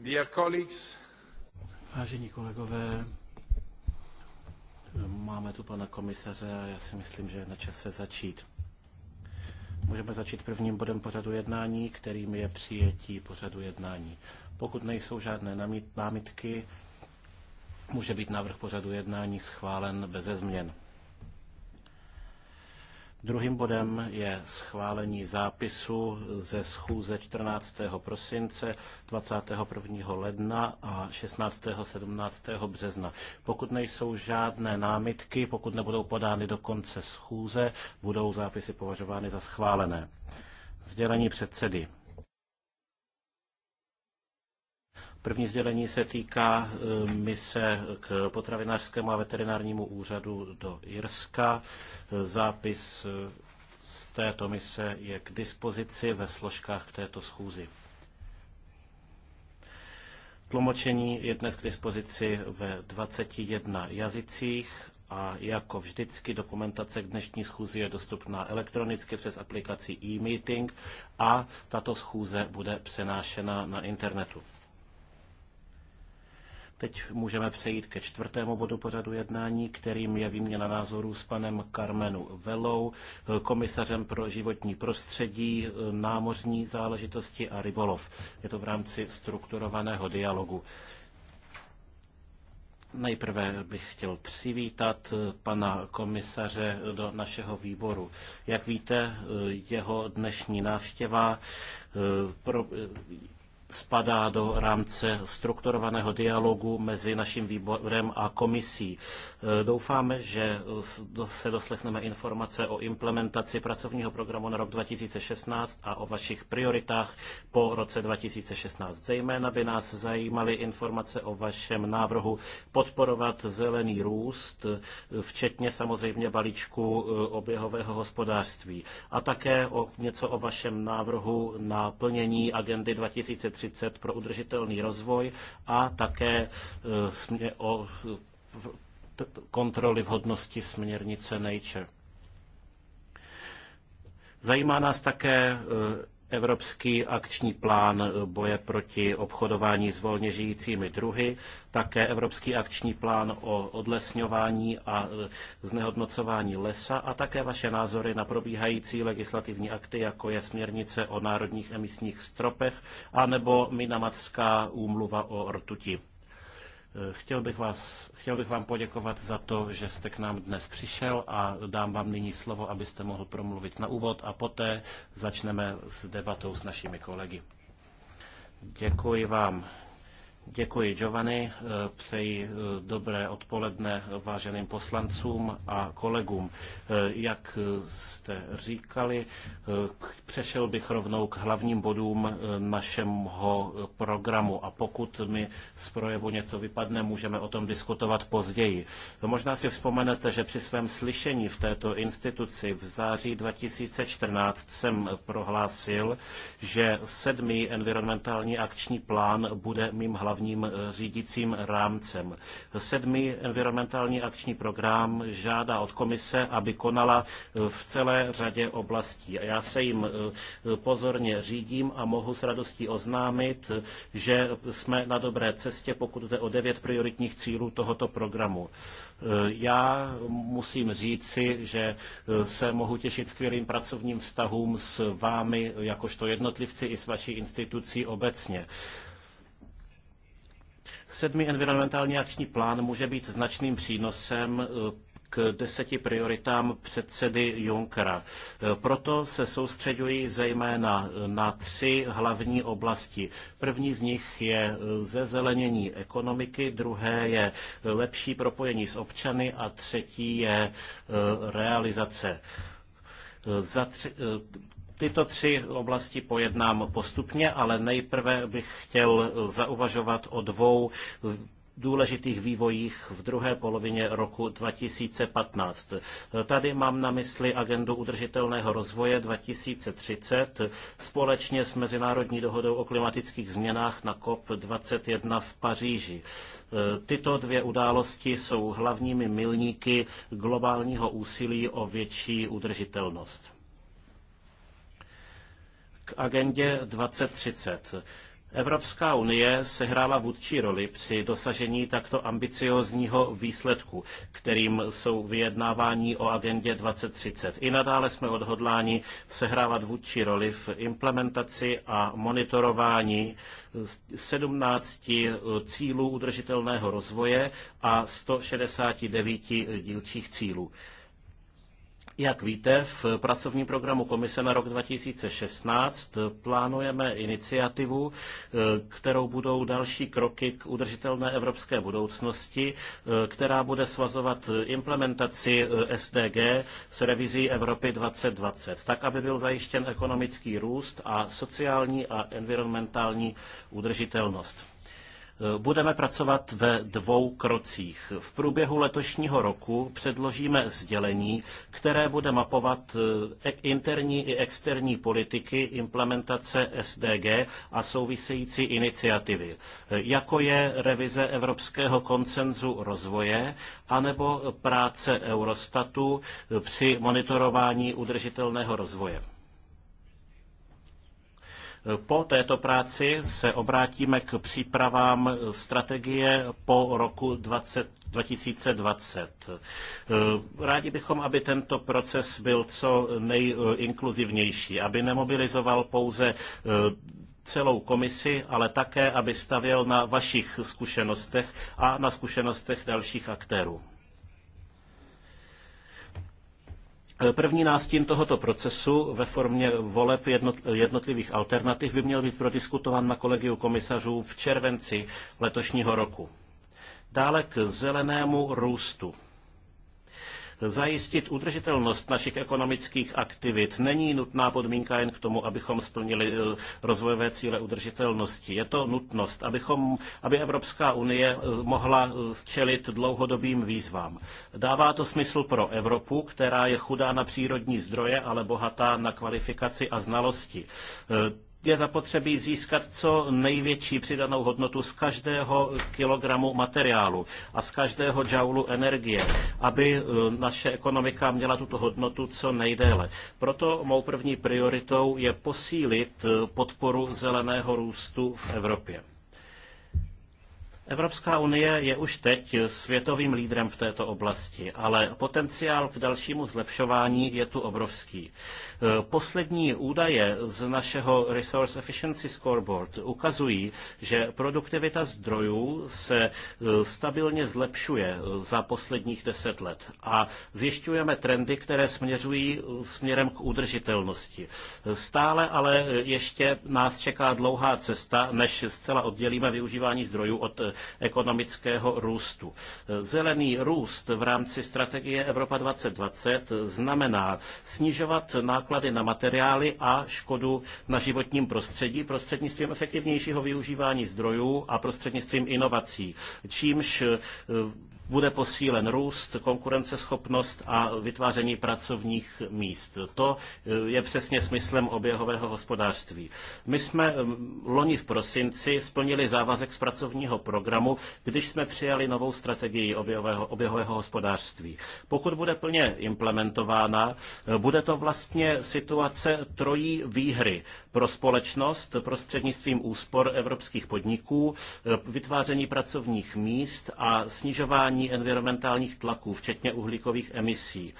Dear colleagues. Vážení kolegové, máme tu pana komisaře a já si myslím, že je na čase začít. Můžeme začít prvním bodem pořadu jednání, kterým je přijetí pořadu jednání. Pokud nejsou žádné námitky, může být návrh pořadu jednání schválen beze změn. Druhým bodem je schválení zápisu ze schůze 14. prosince, 21. ledna a 16. 17. března. Pokud nejsou žádné námitky, pokud nebudou podány do konce schůze, budou zápisy považovány za schválené. Sdělení předsedy. První sdělení se týká eh, mise k potravinářskému a veterinárnímu úřadu do Irska. Zápis eh, z této mise je k dispozici ve složkách k této schůzi. Tlumočení je dnes k dispozici ve 21 jazycích a jako vždycky dokumentace k dnešní schůzi je dostupná elektronicky přes aplikaci e-meeting a tato schůze bude přenášena na internetu. Teď můžeme přejít ke čtvrtému bodu pořadu jednání, kterým je výměna názorů s panem Carmenu Velou, komisařem pro životní prostředí, námořní záležitosti a rybolov. Je to v rámci strukturovaného dialogu. Nejprve bych chtěl přivítat pana komisaře do našeho výboru. Jak víte, jeho dnešní návštěva eh, pro spadá do rámce strukturovaného dialogu mezi naším výborem a komisí. E, doufáme, že se doslechneme informace o implementaci pracovního programu na rok 2016 a o vašich prioritách po roce 2016. Zejména by nás zajímaly informace o vašem návrhu podporovat zelený růst, e, včetně samozřejmě balíčku e, oběhového hospodářství. A také o něco o vašem návrhu na plnění agendy 2030 2030 pro udržitelný rozvoj a také e, o kontroly vhodnosti směrnice Nature. Zajímá nás také e, Evropský akční plán eh, boje proti obchodování s volně žijícími druhy, také Evropský akční plán o odlesňování a eh, znehodnocování lesa a také vaše názory na probíhající legislativní akty, jako je směrnice o národních emisních stropech a nebo Minamatská úmluva o rtuti. Chtěl bych, vás, chtěl bych vám poděkovat za to, že jste k nám dnes přišel a dám vám nyní slovo, abyste mohl promluvit na úvod a poté začneme s debatou s našimi kolegy. Děkuji vám. Děkuji, Giovanni. Přeji eh, dobré odpoledne váženým poslancům a kolegům. Eh, jak eh, jste říkali, přešel bych rovnou k hlavním bodům našeho programu a pokud mi z projevu něco vypadne, můžeme o tom diskutovat později. Možná si vzpomenete, že při svém slyšení v této instituci v září 2014 jsem prohlásil, že sedmý environmentální akční plán bude mým hlavním hlavním eh, řídícím rámcem. Sedmý environmentální akční program žádá od komise, aby konala eh, v celé řadě oblastí. A já se jim eh, pozorně řídím a mohu s radostí oznámit, že jsme na dobré cestě, pokud jde o devět prioritních cílů tohoto programu. Já musím říci, že se mohu těšit skvělým pracovním vztahům s vámi, jakožto jednotlivci i s vaší institucí obecně. Sedmý environmentální akční plán může být značným přínosem eh, k deseti prioritám předsedy Junckera. Eh, proto se soustředují zejména eh, na tři hlavní oblasti. První z nich je zezelenění ekonomiky, druhé je lepší propojení s občany a třetí je realizace. Za tři, Tyto tři oblasti pojednám postupně, ale nejprve bych chtěl zauvažovat o dvou důležitých vývojích v druhé polovině roku 2015. Tady mám na mysli agendu udržitelného rozvoje 2030 společně s Mezinárodní dohodou o klimatických změnách na COP21 v Paříži. Tyto dvě události jsou hlavními milníky globálního úsilí o větší udržitelnost. K agendě 2030. Evropská unie sehrála vůdčí roli při dosažení takto ambiciózního výsledku, kterým jsou vyjednávání o agendě 2030. I nadále jsme odhodláni sehrávat vůdčí roli v implementaci a monitorování 17 cílů udržitelného rozvoje a 169 dílčích cílů. Jak víte, v pracovním programu Komise na rok 2016 plánujeme iniciativu, eh, kterou budou další kroky k udržitelné evropské budoucnosti, eh, která bude svazovat implementaci eh, SDG s revizí Evropy 2020, tak aby byl zajištěn ekonomický růst a sociální a environmentální udržitelnost. Budeme pracovat ve dvou krocích. V průběhu letošního roku předložíme sdělení, které bude mapovat e, interní i externí politiky implementace SDG a související iniciativy, e, jako je revize Evropského koncenzu rozvoje anebo práce Eurostatu e, při monitorování udržitelného rozvoje. Po této práci se obrátíme k přípravám strategie po roku 20, 2020. Eh, rádi bychom, aby tento proces byl co nejinkluzivnější, aby nemobilizoval pouze eh, celou komisi, ale také, aby stavěl na vašich zkušenostech a na zkušenostech dalších aktérů. První nástin tohoto procesu ve formě voleb jednotlivých alternativ by měl být prodiskutován na kolegiu komisařů v červenci letošního roku. Dále k zelenému růstu. Zajistit udržitelnost našich ekonomických aktivit není nutná podmínka jen k tomu, abychom splnili eh, rozvojové cíle udržitelnosti. Je to nutnost, abychom, aby Evropská unie eh, mohla eh, čelit dlouhodobým výzvám. Dává to smysl pro Evropu, která je chudá na přírodní zdroje, ale bohatá na kvalifikaci a znalosti je zapotřebí získat co největší přidanou hodnotu z každého kilogramu materiálu a z každého džaulu energie, aby e, naše ekonomika měla tuto hodnotu co nejdéle. Proto mou první prioritou je posílit e, podporu zeleného růstu v Evropě. Evropská unie je už teď světovým lídrem v této oblasti, ale potenciál k dalšímu zlepšování je tu obrovský. Poslední údaje z našeho Resource Efficiency Scoreboard ukazují, že produktivita zdrojů se e, stabilně zlepšuje za posledních deset let a zjišťujeme trendy, které směřují e, směrem k udržitelnosti. Stále ale ještě nás čeká dlouhá cesta, než zcela oddělíme využívání zdrojů od e, ekonomického růstu. Zelený růst v rámci strategie Evropa 2020 znamená snižovat náklady náklady na materiály a škodu na životním prostředí prostřednictvím efektivnějšího využívání zdrojů a prostřednictvím inovací, čímž eh, bude posílen růst, konkurenceschopnost a vytváření pracovních míst. To eh, je přesně smyslem oběhového hospodářství. My jsme eh, loni v prosinci splnili závazek z pracovního programu, když jsme přijali novou strategii oběhového, oběhového hospodářství. Pokud bude plně implementována, eh, bude to vlastně situace trojí výhry pro společnost prostřednictvím úspor evropských podniků, vytváření pracovních míst a snižování snižování environmentálních tlaků, včetně uhlíkových emisí.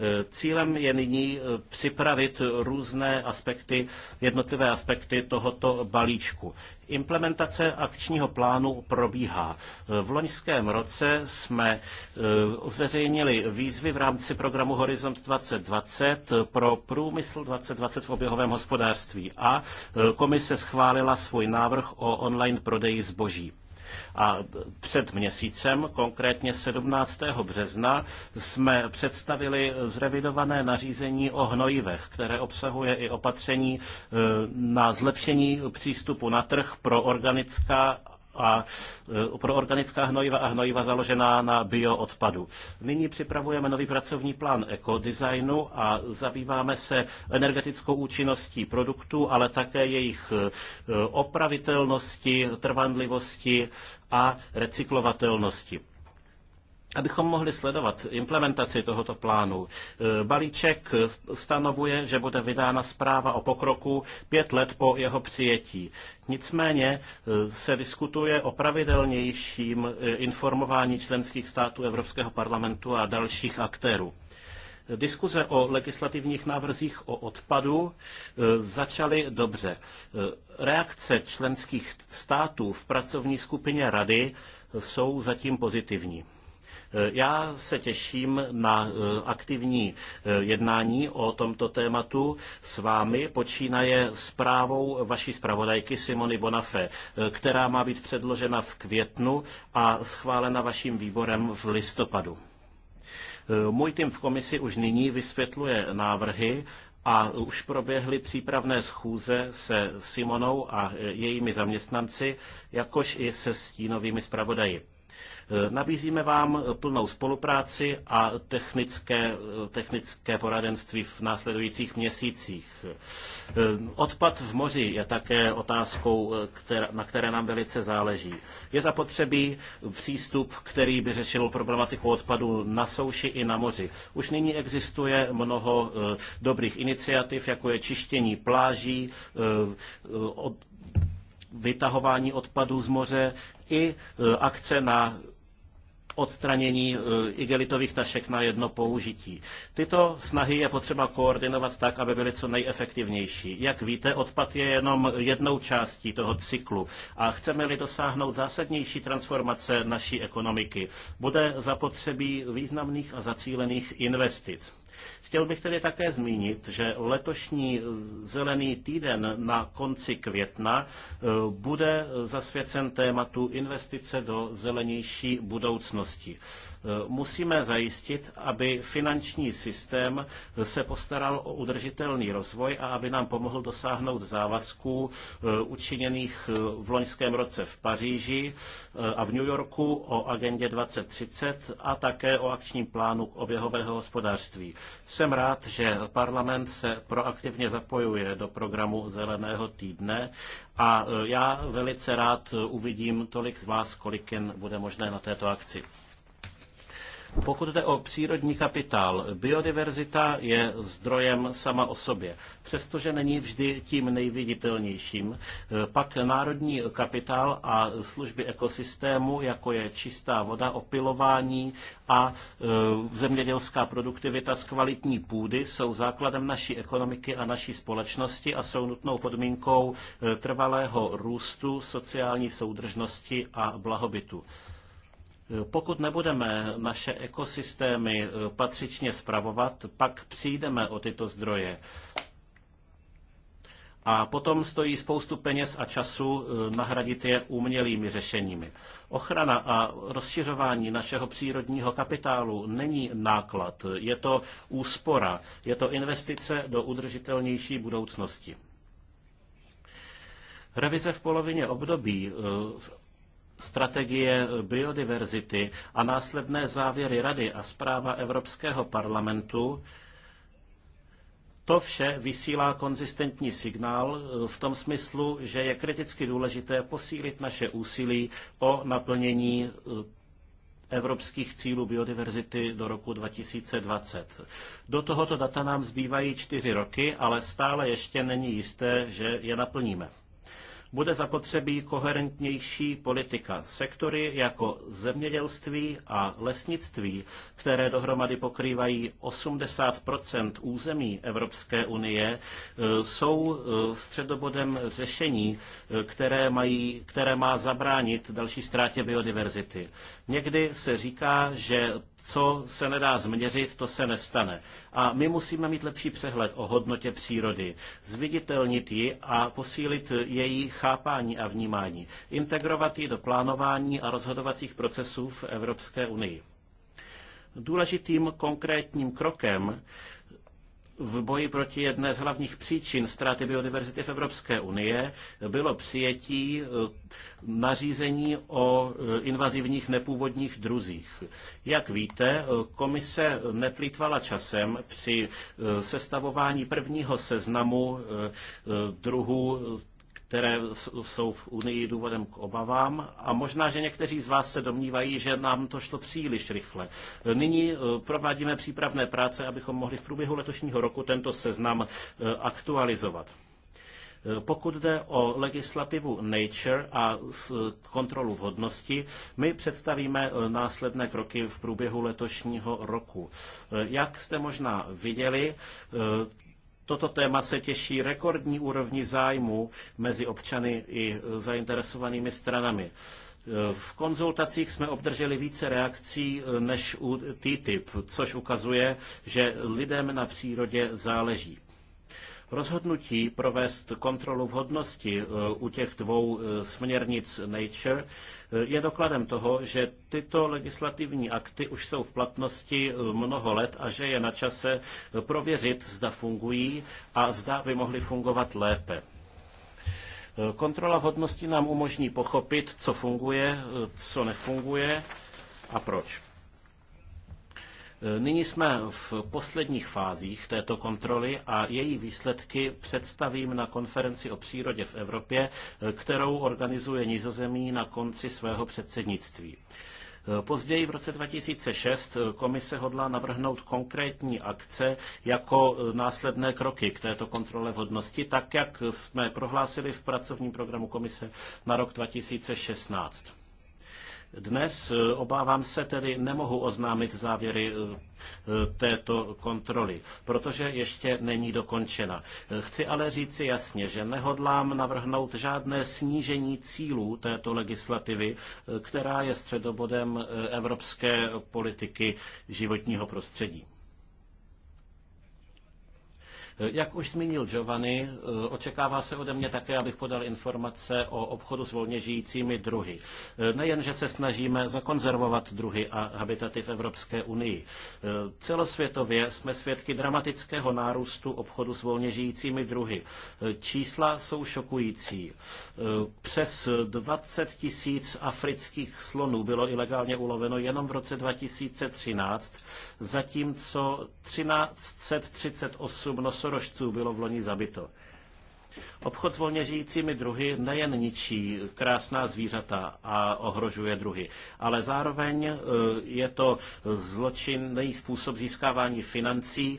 E, cílem je nyní e, připravit různé aspekty, jednotlivé aspekty tohoto balíčku. Implementace akčního plánu probíhá. E, v loňském roce jsme zveřejnili výzvy v rámci programu Horizont 2020 pro průmysl 2020 v oběhovém hospodářství a komise schválila svůj návrh o online prodeji zboží. A před měsícem, konkrétně 17. března, jsme představili zrevidované nařízení o hnojivech, které obsahuje i opatření e, na zlepšení přístupu na trh pro organická a e, pro organická hnojiva a hnojiva založená na bioodpadu. Nyní připravujeme nový pracovní plán ekodesignu a zabýváme se energetickou účinností produktů, ale také jejich e, opravitelnosti, trvanlivosti a recyklovatelnosti. Abychom mohli sledovat implementaci tohoto plánu, e, balíček stanovuje, že bude vydána zpráva o pokroku pět let po jeho přijetí. Nicméně e, se diskutuje o pravidelnějším e, informování členských států Evropského parlamentu a dalších aktérů. Diskuze o legislativních návrzích o odpadu začaly dobře. Reakce členských států v pracovní skupině Rady jsou zatím pozitivní. Já se těším na eh, aktivní eh, jednání o tomto tématu s vámi. Počínaje zprávou vaší zpravodajky Simony Bonafé, eh, která má být předložena v květnu a schválena vaším výborem v listopadu. Můj tým v komisi už nyní vysvětluje návrhy a už proběhly přípravné schůze se Simonou a jejími zaměstnanci, jakož i se stínovými zpravodaji. Nabízíme vám plnou spolupráci a technické, technické poradenství v následujících měsících. Odpad v moři je také otázkou, na které nám velice záleží. Je zapotřebí přístup, který by řešil problematiku odpadu na souši i na moři. Už nyní existuje mnoho eh, dobrých iniciativ, jako je čištění pláží, eh, vytahování odpadů z moře i eh, akce na odstranění eh, igelitových tašek na jedno použití. Tyto snahy je potřeba koordinovat tak, aby byly co nejefektivnější. Jak víte, odpad je jenom jednou částí toho cyklu a chceme-li dosáhnout zásadnější transformace naší ekonomiky, bude zapotřebí významných a zacílených investic. Chtěl bych tedy také zmínit, že letošní zelený týden na konci května eh, bude zasvěcen tématu investice do zelenější budoucnosti. Eh, musíme zajistit, aby finanční systém eh, se postaral o udržitelný rozvoj a aby nám pomohl dosáhnout závazků eh, učiněných v loňském roce v Paříži a v New Yorku o agendě 2030 a také o akčním plánu oběhového hospodářství. Jsem rád, že parlament se proaktivně zapojuje do programu Zeleného týdne a já velice rád uvidím tolik z vás, kolik jen bude možné na této akci. Pokud jde o přírodní kapitál, biodiverzita je zdrojem sama o sobě. Přestože není vždy tím nejviditelnějším, eh, pak národní kapitál a služby ekosystému, jako je čistá voda, opilování a eh, zemědělská produktivita z kvalitní půdy, jsou základem naší ekonomiky a naší společnosti a jsou nutnou podmínkou eh, trvalého růstu, sociální soudržnosti a blahobytu. Pokud nebudeme naše ekosystémy eh, patřičně spravovat, pak přijdeme o tyto zdroje. A potom stojí spoustu peněz a času eh, nahradit je umělými řešeními. Ochrana a rozšiřování našeho přírodního kapitálu není náklad, je to úspora, je to investice do udržitelnější budoucnosti. Revize v polovině období eh, strategie biodiverzity a následné závěry Rady a zpráva Evropského parlamentu, to vše vysílá konzistentní signál eh, v tom smyslu, že je kriticky důležité posílit naše úsilí o naplnění eh, evropských cílů biodiverzity do roku 2020. Do tohoto data nám zbývají čtyři roky, ale stále ještě není jisté, že je naplníme bude zapotřebí koherentnější politika. Sektory jako zemědělství a lesnictví, které dohromady pokrývají 80 území Evropské unie, e, jsou e, středobodem řešení, e, které, mají, které má zabránit další ztrátě biodiverzity. Někdy se říká, že co se nedá změřit, to se nestane. A my musíme mít lepší přehled o hodnotě přírody, zviditelnit ji a posílit jejich chápání a vnímání, integrovat ji do plánování a rozhodovacích procesů v Evropské unii. Důležitým konkrétním krokem v boji proti jedné z hlavních příčin ztráty biodiverzity v Evropské unie bylo přijetí eh, nařízení o eh, invazivních nepůvodních druzích. Jak víte, eh, komise neplýtvala časem při sestavování prvního seznamu druhů které jsou v Unii důvodem k obavám a možná, že někteří z vás se domnívají, že nám to šlo příliš rychle. Nyní eh, provádíme přípravné práce, abychom mohli v průběhu letošního roku tento seznam eh, aktualizovat. Eh, pokud jde o legislativu Nature a kontrolu vhodnosti, my představíme následné kroky v průběhu letošního roku. Jak jste možná viděli, Toto téma se těší rekordní úrovni zájmu mezi občany i zainteresovanými stranami. V konzultacích jsme obdrželi více reakcí než u TTIP, což ukazuje, že lidem na přírodě záleží. Rozhodnutí provést kontrolu vhodnosti eh, u těch dvou eh, směrnic Nature eh, je dokladem toho, že tyto legislativní akty už jsou v platnosti mnoho let a že je na čase prověřit, zda fungují a zda by mohly fungovat lépe. Kontrola vhodnosti nám umožní pochopit, co funguje, co nefunguje a proč. Nyní jsme v posledních fázích této kontroly a její výsledky představím na konferenci o přírodě v Evropě, kterou organizuje Nizozemí na konci svého předsednictví. Později v roce 2006 komise hodla navrhnout konkrétní akce jako následné kroky k této kontrole vhodnosti, tak jak jsme prohlásili v pracovním programu komise na rok 2016. Dnes, e, obávám se, tedy nemohu oznámit závěry e, e, této kontroly, protože ještě není dokončena. Chci ale říci jasně, že nehodlám navrhnout žádné snížení cílů této legislativy, která je středobodem evropské politiky životního prostředí. Jak už zmínil Giovanni, eh, očekává se ode mě také, abych podal informace o obchodu s volně žijícími druhy. Eh, nejen, že se snažíme zakonzervovat druhy a habitaty v Evropské unii. Eh, celosvětově jsme svědky dramatického nárůstu obchodu s volně žijícími druhy. Čísla jsou šokující. Přes 20 tisíc afrických slonů bylo ilegálně uloveno jenom v roce 2013, zatímco 1338 nosorů životorožců bylo v loni zabito. Obchod s volně žijícími druhy nejen ničí krásná zvířata a ohrožuje druhy, ale zároveň e, je to zločinný způsob získávání financí, e,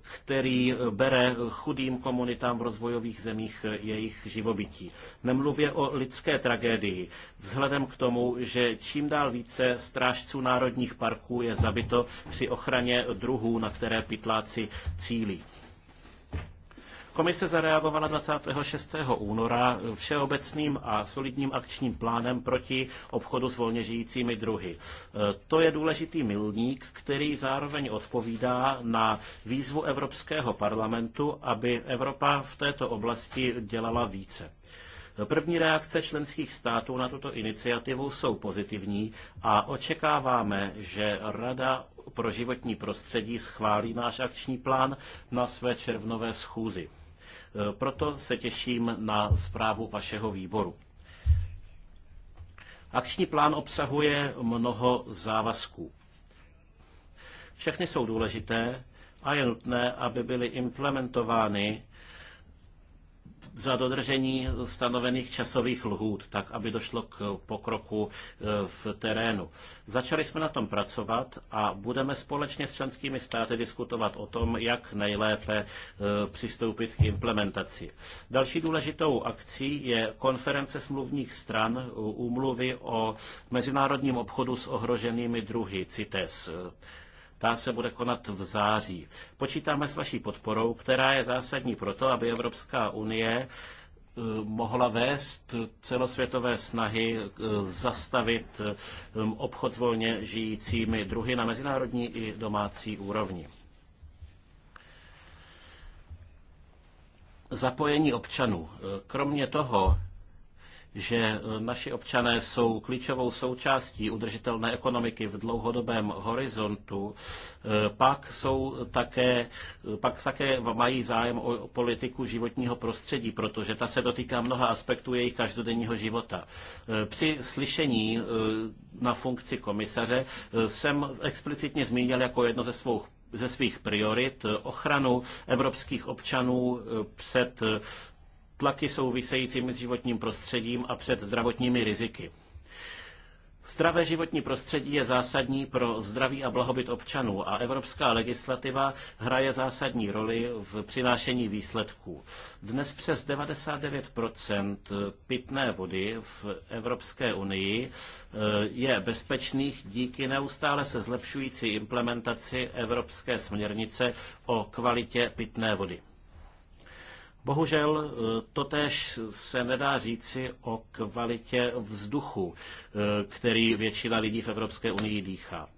který bere chudým komunitám v rozvojových zemích e, jejich živobytí. Nemluvě o lidské tragédii, vzhledem k tomu, že čím dál více strážců národních parků je zabito při ochraně druhů, na které pytláci cílí. Komise zareagovala 26. února všeobecným a solidním akčním plánem proti obchodu s volně žijícími druhy. E, to je důležitý milník, který zároveň odpovídá na výzvu Evropského parlamentu, aby Evropa v této oblasti dělala více. První reakce členských států na tuto iniciativu jsou pozitivní a očekáváme, že Rada pro životní prostředí schválí náš akční plán na své červnové schůzi. Eh, proto se těším na zprávu vašeho výboru. Akční plán obsahuje mnoho závazků. Všechny jsou důležité a je nutné, aby byly implementovány za dodržení stanovených časových lhůt, tak aby došlo k pokroku e, v terénu. Začali jsme na tom pracovat a budeme společně s členskými státy diskutovat o tom, jak nejlépe e, přistoupit k implementaci. Další důležitou akcí je konference smluvních stran e, úmluvy o mezinárodním obchodu s ohroženými druhy CITES. Ta se bude konat v září. Počítáme s vaší podporou, která je zásadní proto, aby Evropská unie eh, mohla vést celosvětové snahy eh, zastavit eh, obchod s volně žijícími druhy na mezinárodní i domácí úrovni. Zapojení občanů. Kromě toho že eh, naši občané jsou klíčovou součástí udržitelné ekonomiky v dlouhodobém horizontu, eh, pak jsou také, eh, pak také mají zájem o politiku životního prostředí, protože ta se dotýká mnoha aspektů jejich každodenního života. Při slyšení na funkci komisaře jsem explicitně zmínil jako jedno ze svých ze svých priorit ochranu evropských občanů před tlaky souvisejícími s životním prostředím a před zdravotními riziky. Zdravé životní prostředí je zásadní pro zdraví a blahobyt občanů a evropská legislativa hraje zásadní roli v přinášení výsledků. Dnes přes 99 pitné vody v Evropské unii eh, je bezpečných díky neustále se zlepšující implementaci evropské směrnice o kvalitě pitné vody. Bohužel eh, totéž se nedá říci o kvalitě vzduchu, eh, který většina lidí v Evropské unii dýchá.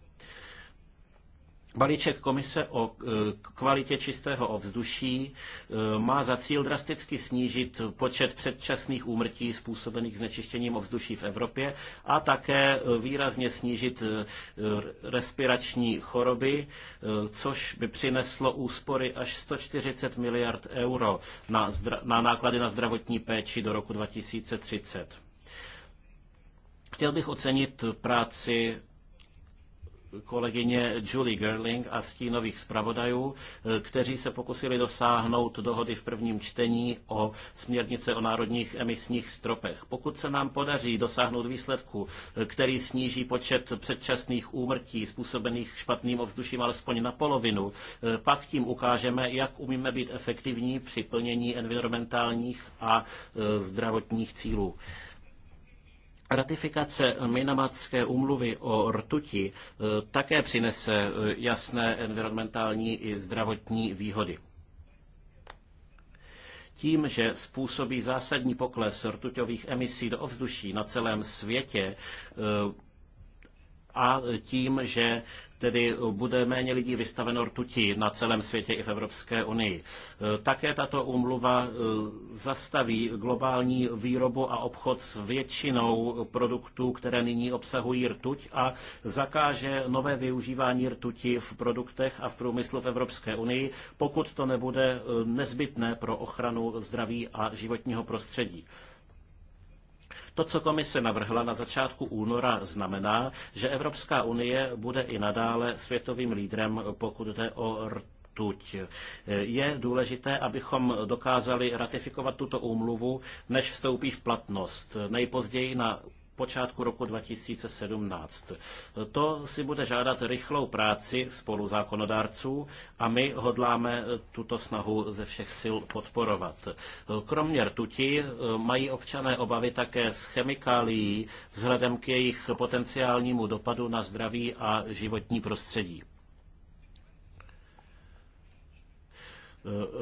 Balíček komise o e, kvalitě čistého ovzduší e, má za cíl drasticky snížit počet předčasných úmrtí způsobených znečištěním ovzduší v Evropě a také e, výrazně snížit respirační choroby, což by přineslo úspory až 140 miliard euro na, na náklady na zdravotní péči do roku 2030. Chtěl bych ocenit práci kolegyně Julie Gerling a stínových zpravodajů, eh, kteří se pokusili dosáhnout dohody v prvním čtení o směrnice o národních emisních stropech. Pokud se nám podaří dosáhnout výsledku, eh, který sníží počet předčasných úmrtí způsobených špatným ovzduším alespoň na polovinu, eh, pak tím ukážeme, jak umíme být efektivní při plnění environmentálních a zdravotních cílů. Ratifikace Minamatské umluvy o rtuti eh, také přinese eh, jasné environmentální i zdravotní výhody. Tím, že způsobí zásadní pokles rtuťových emisí do ovzduší na celém světě, eh, a tím, že tedy bude méně lidí vystaveno rtutí na celém světě i v Evropské unii. E, také tato úmluva e, zastaví globální výrobu a obchod s většinou produktů, které nyní obsahují rtuť a zakáže nové využívání rtuti v produktech a v průmyslu v Evropské unii, pokud to nebude e, nezbytné pro ochranu zdraví a životního prostředí. To, co komise navrhla na začátku února, znamená, že Evropská unie bude i nadále světovým lídrem, pokud jde o rtuť. Je důležité, abychom dokázali ratifikovat tuto úmluvu, než vstoupí v platnost, nejpozději na počátku roku 2017. To si bude žádat rychlou práci spolu zákonodárců a my hodláme tuto snahu ze všech sil podporovat. Kromě rtuti eh, mají občané obavy také z chemikálií vzhledem k jejich potenciálnímu dopadu na zdraví a životní prostředí.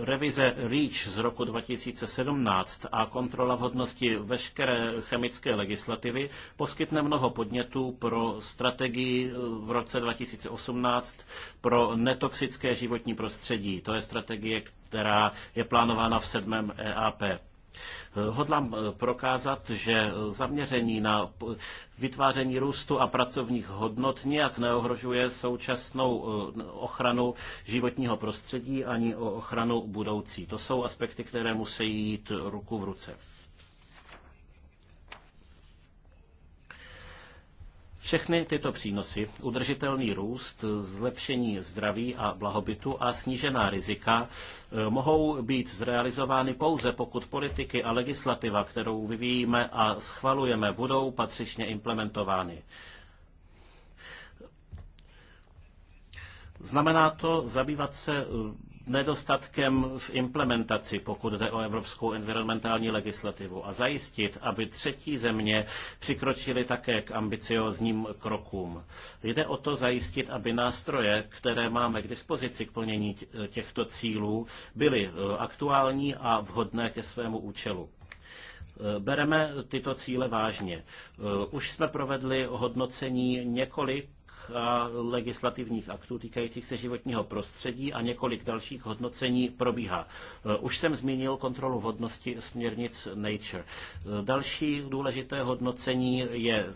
Revize REACH z roku 2017 a kontrola vhodnosti veškeré chemické legislativy poskytne mnoho podnětů pro strategii eh, v roce 2018 pro netoxické životní prostředí. To je strategie, která je plánována v sedmém EAP. Hodlám eh, prokázat, že eh, zaměření na vytváření růstu a pracovních hodnot nijak neohrožuje současnou eh, ochranu životního prostředí ani o ochranu budoucí. To jsou aspekty, které musí jít ruku v ruce. Všechny tyto přínosy, udržitelný růst, zlepšení zdraví a blahobytu a snížená rizika eh, mohou být zrealizovány pouze pokud politiky a legislativa, kterou vyvíjíme a schvalujeme, budou patřičně implementovány. Znamená to zabývat se eh, nedostatkem v implementaci, pokud jde o evropskou environmentální legislativu a zajistit, aby třetí země přikročily také k ambiciozním krokům. Jde o to zajistit, aby nástroje, které máme k dispozici k plnění těchto cílů, byly e, aktuální a vhodné ke svému účelu. E, bereme tyto cíle vážně. E, už jsme provedli hodnocení několik a legislativních aktů týkajících se životního prostředí a několik dalších hodnocení probíhá. E, už jsem zmínil kontrolu vhodnosti směrnic Nature. E, další důležité hodnocení je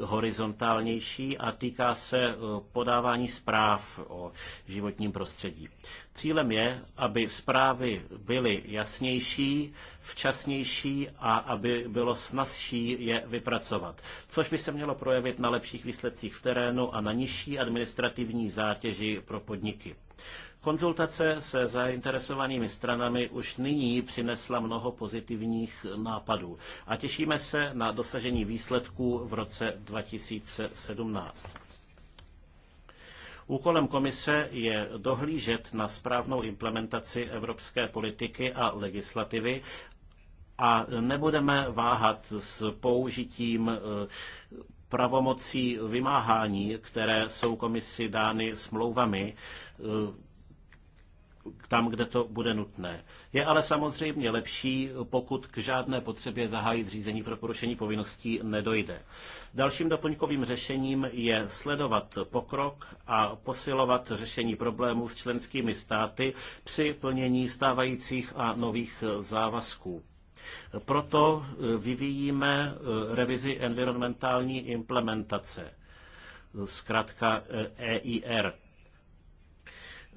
horizontálnější a týká se e, podávání zpráv o životním prostředí. Cílem je, aby zprávy byly jasnější, včasnější a aby bylo snazší je vypracovat, což by se mělo projevit na lepších výsledcích v terénu a na nižší administrativní zátěži pro podniky. Konzultace se zainteresovanými stranami už nyní přinesla mnoho pozitivních nápadů a těšíme se na dosažení výsledků v roce 2017. Úkolem komise je dohlížet na správnou implementaci evropské politiky a legislativy a nebudeme váhat s použitím eh, pravomocí vymáhání, které jsou komisi dány smlouvami eh, tam, kde to bude nutné. Je ale samozřejmě lepší, pokud k žádné potřebě zahájit řízení pro porušení povinností nedojde. Dalším doplňkovým řešením je sledovat pokrok a posilovat řešení problémů s členskými státy při plnění stávajících a nových závazků. Proto vyvíjíme eh, revizi environmentální implementace, zkrátka EIR. Eh, e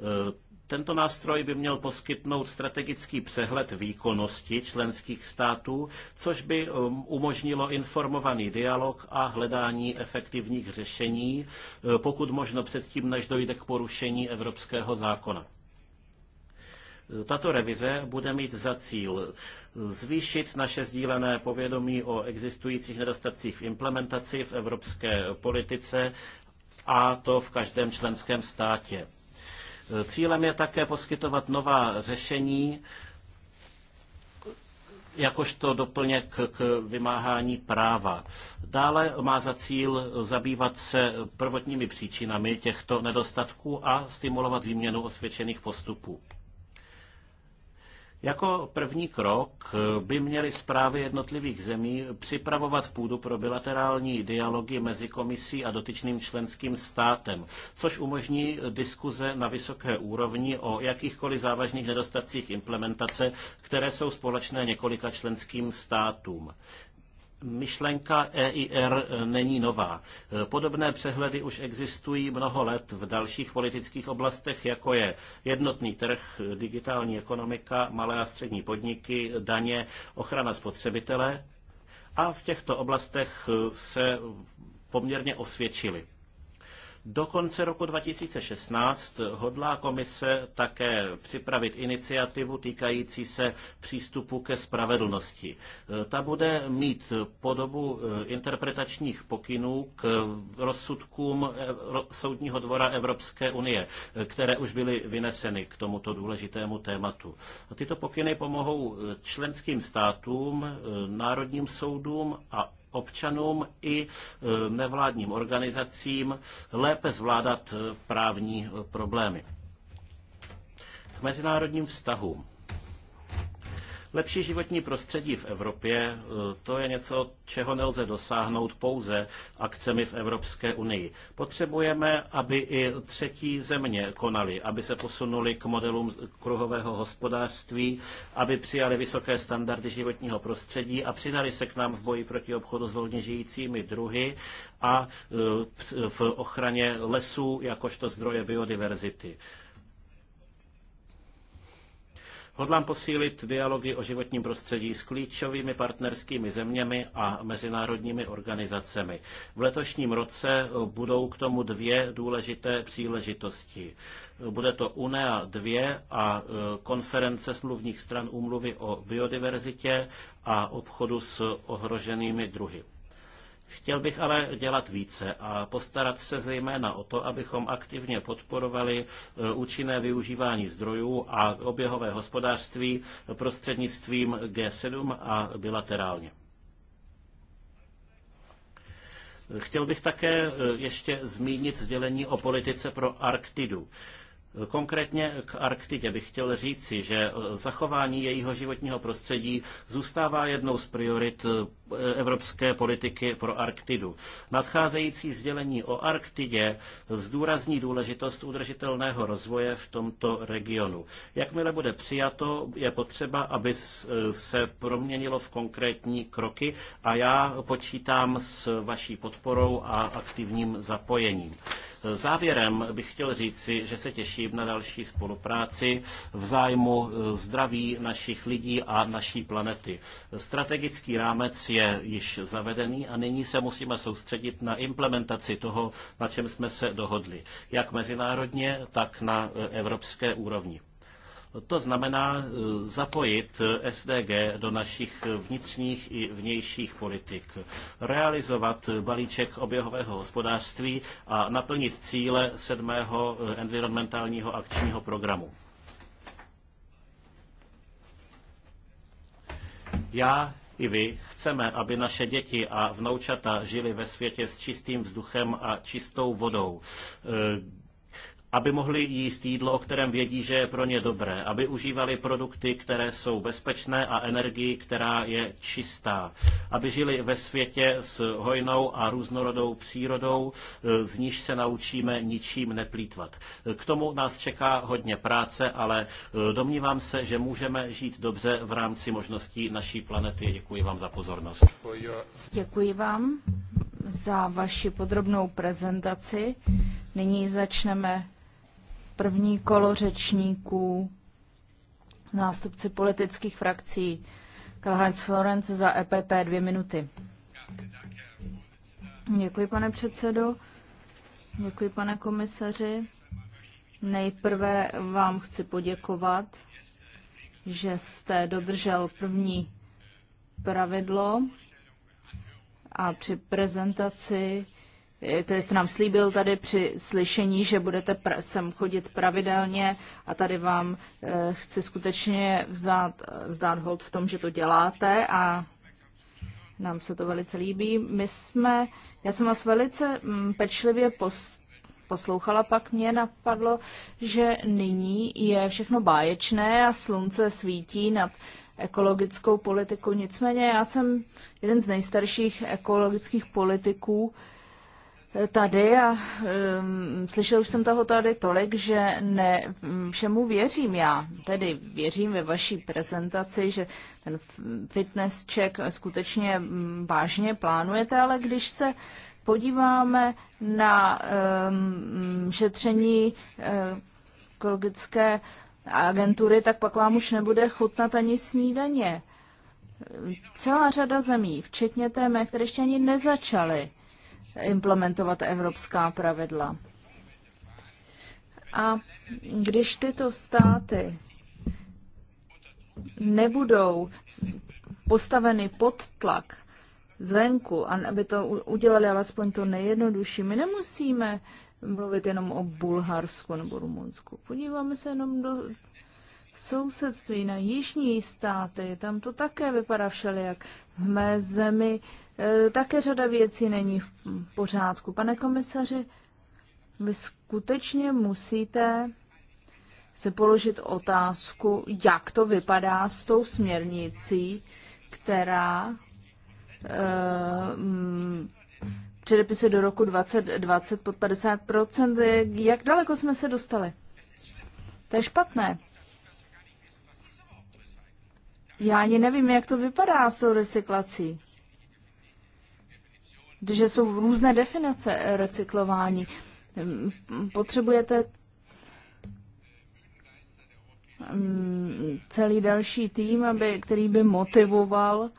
eh, tento nástroj by měl poskytnout strategický přehled výkonnosti členských států, což by um, umožnilo informovaný dialog a hledání efektivních řešení, eh, pokud možno předtím, než dojde k porušení evropského zákona. Eh, tato revize bude mít za cíl eh, zvýšit naše sdílené povědomí o existujících nedostatcích v implementaci v evropské politice a to v každém členském státě. Cílem je také poskytovat nová řešení, jakožto doplněk k vymáhání práva. Dále má za cíl zabývat se prvotními příčinami těchto nedostatků a stimulovat výměnu osvědčených postupů. Jako první krok eh, by měly zprávy jednotlivých zemí připravovat půdu pro bilaterální dialogy mezi komisí a dotyčným členským státem, což umožní diskuze na vysoké úrovni o jakýchkoliv závažných nedostacích implementace, které jsou společné několika členským státům. Myšlenka EIR e, není nová. E, podobné přehledy už existují mnoho let v dalších politických oblastech, jako je jednotný trh, digitální ekonomika, malé a střední podniky, daně, ochrana spotřebitele. A v těchto oblastech e, se poměrně osvědčily. Do konce roku 2016 hodlá komise také připravit iniciativu týkající se přístupu ke spravedlnosti. Ta bude mít podobu eh, interpretačních pokynů k rozsudkům eh, Soudního dvora Evropské unie, eh, které už byly vyneseny k tomuto důležitému tématu. Tyto pokyny pomohou členským státům, národním soudům a občanům i e, nevládním organizacím lépe zvládat e, právní e, problémy. K mezinárodním vztahům. Lepší životní prostředí v Evropě, e, to je něco, čeho nelze dosáhnout pouze akcemi v Evropské unii. Potřebujeme, aby i třetí země konaly, aby se posunuli k modelům kruhového hospodářství, aby přijali vysoké standardy životního prostředí a přidali se k nám v boji proti obchodu s volně žijícími druhy a e, v ochraně lesů jakožto zdroje biodiverzity. Hodlám posílit dialogy o životním prostředí s klíčovými partnerskými zeměmi a mezinárodními organizacemi. V letošním roce budou k tomu dvě důležité příležitosti. Bude to UNEA 2 a e, konference smluvních stran úmluvy o biodiverzitě a obchodu s ohroženými druhy. Chtěl bych ale dělat více a postarat se zejména o to, abychom aktivně podporovali e, účinné využívání zdrojů a oběhové hospodářství prostřednictvím G7 a bilaterálně. Chtěl bych také e, ještě zmínit sdělení o politice pro Arktidu. Konkrétně k Arktidě bych chtěl říci, že eh, zachování jejího životního prostředí zůstává jednou z priorit eh, evropské politiky pro Arktidu. Nadcházející sdělení o Arktidě zdůrazní důležitost udržitelného rozvoje v tomto regionu. Jakmile bude přijato, je potřeba, aby eh, se proměnilo v konkrétní kroky a já počítám s vaší podporou a aktivním zapojením. Závěrem bych chtěl říci, že se těším na další spolupráci v zájmu eh, zdraví našich lidí a naší planety. Strategický rámec je již zavedený a nyní se musíme soustředit na implementaci toho, na čem jsme se dohodli, jak mezinárodně, tak na eh, evropské úrovni. To znamená e, zapojit SDG do našich vnitřních i vnějších politik, realizovat balíček oběhového hospodářství a naplnit cíle sedmého e, environmentálního akčního programu. Já i vy chceme, aby naše děti a vnoučata žili ve světě s čistým vzduchem a čistou vodou e, aby mohli jíst jídlo, o kterém vědí, že je pro ně dobré, aby užívali produkty, které jsou bezpečné a energii, která je čistá, aby žili ve světě s hojnou a různorodou přírodou, z níž se naučíme ničím neplýtvat. K tomu nás čeká hodně práce, ale eh, domnívám se, že můžeme žít dobře v rámci možností naší planety. Děkuji vám za pozornost. Děkuji vám za vaši podrobnou prezentaci. Nyní začneme První kolo řečníků, nástupci politických frakcí, Karl-Heinz Florence za EPP dvě minuty. Děkuji, pane předsedo. Děkuji, pane komisaři. Nejprve vám chci poděkovat, že jste dodržel první pravidlo a při prezentaci který eh, jste nám slíbil tady při slyšení, že budete sem chodit pravidelně a tady vám eh, chci skutečně vzát, vzdát hold v tom, že to děláte a nám se to velice líbí. My jsme, já jsem vás velice mm, pečlivě post, poslouchala, pak mě napadlo, že nyní je všechno báječné a slunce svítí nad ekologickou politikou. Nicméně já jsem jeden z nejstarších ekologických politiků tady a um, slyšel už jsem toho tady tolik, že ne všemu věřím já. Tedy věřím ve vaší prezentaci, že ten fitness check skutečně mm, vážně plánujete, ale když se podíváme na um, šetření eh, ekologické agentury, tak pak vám už nebude chutnat ani snídaně. Celá řada zemí, včetně té mé, které ještě ani nezačaly implementovat evropská pravidla. A když tyto státy nebudou postaveny pod tlak zvenku, aby to udělali alespoň to nejjednodušší, my nemusíme mluvit jenom o Bulharsku nebo Rumunsku. Podíváme se jenom do sousedství na jižní státy, tam to také vypadá všelijak. V mé zemi E, také řada věcí není v pořádku. Pane komisaři, vy skutečně musíte se položit otázku, jak to vypadá s tou směrnicí, která eh, předepisy do roku 2020 pod 50 Jak daleko jsme se dostali? To je špatné. Já ani nevím, jak to vypadá s tou recyklací protože jsou různé definice recyklování. Potřebujete mm, celý další tým, aby, který by motivoval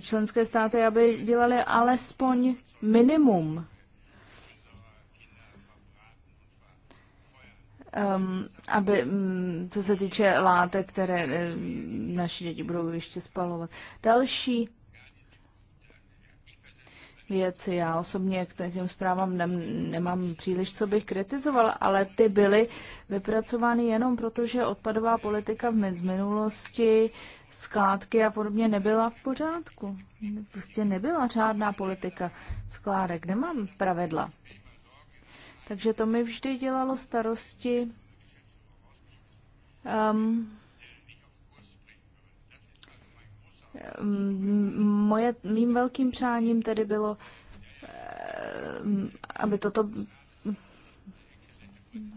členské státy, aby dělali alespoň minimum. Um, aby, um, co se týče látek, které um, eh, naši děti budou ještě spalovat. Další věci. Já osobně k těm zprávám nem, nemám příliš, co bych kritizoval, ale ty byly vypracovány jenom proto, že odpadová politika v minulosti, skládky a podobně nebyla v pořádku. Prostě nebyla řádná politika skládek, nemám pravidla. Takže to mi vždy dělalo starosti. Um, Moje, mým velkým přáním tedy bylo, eh, aby toto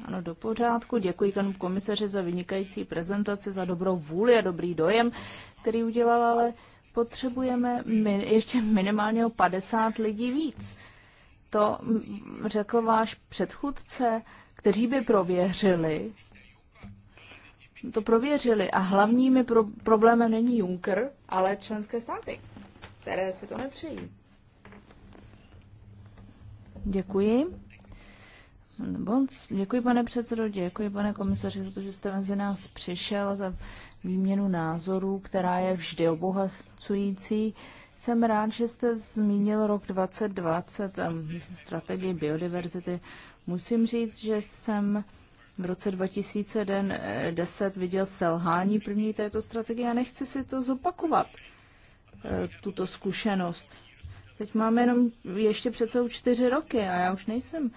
ano, do pořádku. Děkuji panu komisaři za vynikající prezentaci, za dobrou vůli a dobrý dojem, který udělal, ale potřebujeme min, ještě minimálně o 50 lidí víc. To řekl váš předchůdce, kteří by prověřili, to prověřili a hlavními pro- problémem není Juncker, ale členské státy, které si to nepřejí. Děkuji. děkuji pane předsedo, děkuji pane komisaři, protože jste mezi nás přišel za výměnu názorů, která je vždy obohacující. Jsem rád, že jste zmínil rok 2020 a strategii biodiverzity. Musím říct, že jsem v roce 2010 viděl selhání první této strategie a nechci si to zopakovat, eh, tuto zkušenost. Teď máme jenom ještě před čtyři roky a já už nejsem,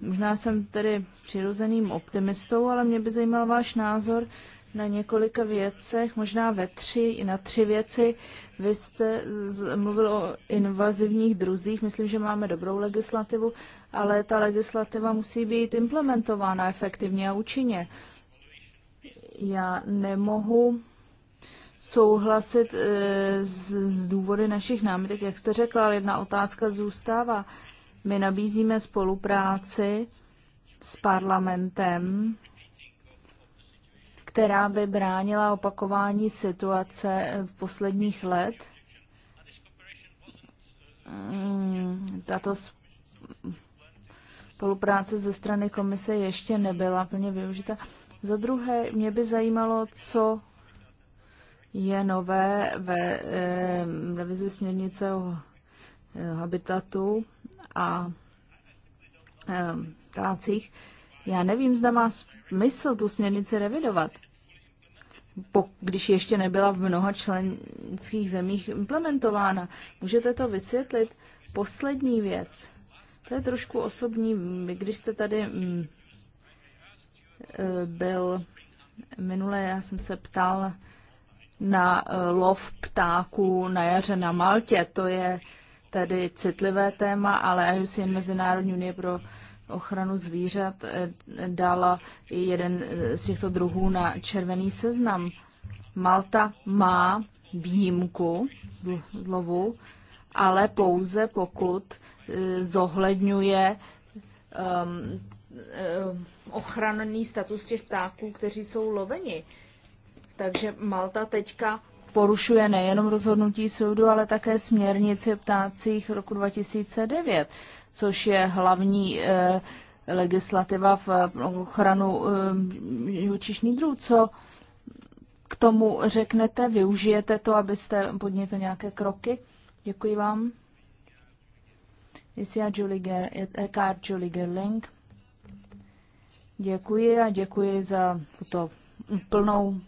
možná jsem tedy přirozeným optimistou, ale mě by zajímal váš názor na několika věcech, možná ve tři, i na tři věci. Vy jste mluvil o invazivních druzích, myslím, že máme dobrou legislativu, ale ta legislativa musí být implementována efektivně a účinně. Já nemohu souhlasit e, z z důvody našich námitek, jak jste řekla, ale jedna otázka zůstává. My nabízíme spolupráci s parlamentem, která by bránila opakování situace v posledních let. Mm, tato spolupráce ze strany komise ještě nebyla plně využita. Za druhé, mě by zajímalo, co je nové ve eh, revizi směrnice o eh, habitatu a eh, tácích. Já nevím, zda má smysl tu směrnici revidovat, když ještě nebyla v mnoha členských zemích implementována. Můžete to vysvětlit? Poslední věc. To je trošku osobní. Když jste tady mm, e, byl minule, já jsem se ptal na e, lov ptáků na jaře na Maltě. To je tedy citlivé téma, ale IUCN Mezinárodní unie pro ochranu zvířat eh, dala jeden eh, z těchto druhů na červený seznam. Malta má výjimku lovu, ale pouze pokud eh, zohledňuje um, ochranný status těch ptáků, kteří jsou loveni. Takže Malta teďka porušuje nejenom rozhodnutí soudu, ale také směrnici ptácích roku 2009, což je hlavní eh, legislativa v eh, ochranu živočišných eh, druhů. Co k tomu řeknete? Využijete to, abyste podnikli nějaké kroky? Děkuji vám. Jsi já Julie Gerling. Děkuji a děkuji za tuto plnou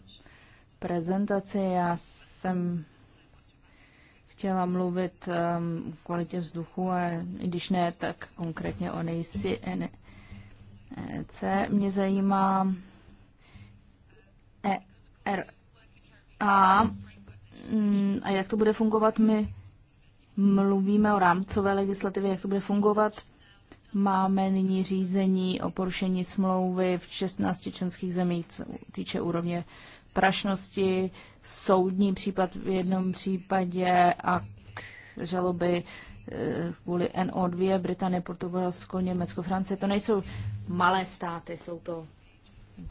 prezentaci. Já jsem chtěla mluvit um, o kvalitě vzduchu, ale když ne, tak konkrétně o nejsi. E C. Mě zajímá ERA. R, A, mm, a jak to bude fungovat. My mluvíme o rámcové legislativě, jak to bude fungovat. Máme nyní řízení o porušení smlouvy v 16 členských zemích co týče úrovně prašnosti, soudní případ v jednom případě a žaloby eh, kvůli NO2, Británie, Portugalsko, Německo, Francie. To nejsou malé státy, jsou to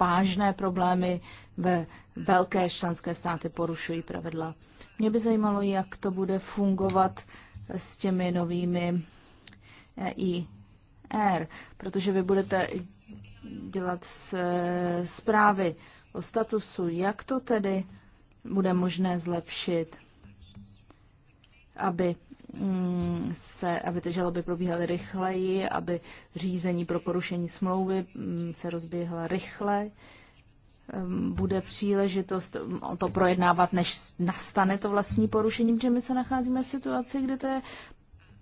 vážné problémy ve velké členské státy porušují pravidla. Mě by zajímalo, jak to bude fungovat s těmi novými EIR, protože vy budete dělat s, zprávy o statusu. Jak to tedy bude možné zlepšit, aby mm, se, aby ty žaloby probíhaly rychleji, aby řízení pro porušení smlouvy mm, se rozběhla rychle. Mm, bude příležitost o to projednávat, než nastane to vlastní porušení, protože my se nacházíme v situaci, kde to je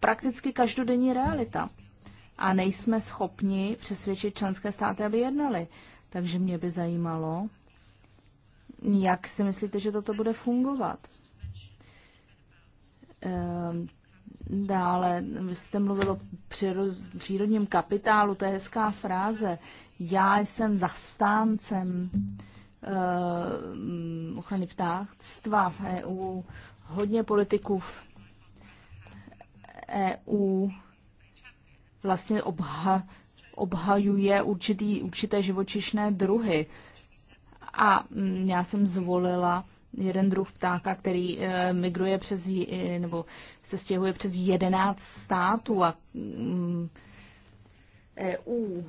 prakticky každodenní realita. A nejsme schopni přesvědčit členské státy, aby jednali. Takže mě by zajímalo, jak si myslíte, že toto bude fungovat? Ehm, dále, vy jste mluvil o přírodním kapitálu, to je hezká fráze. Já jsem zastáncem ehm, ochrany ptáctva v EU. Hodně politiků v EU vlastně obha, obhajuje určitý, určité živočišné druhy. A mm, já jsem zvolila jeden druh ptáka, který eh, migruje přes, eh, nebo se stěhuje přes 11 států a mm, EU.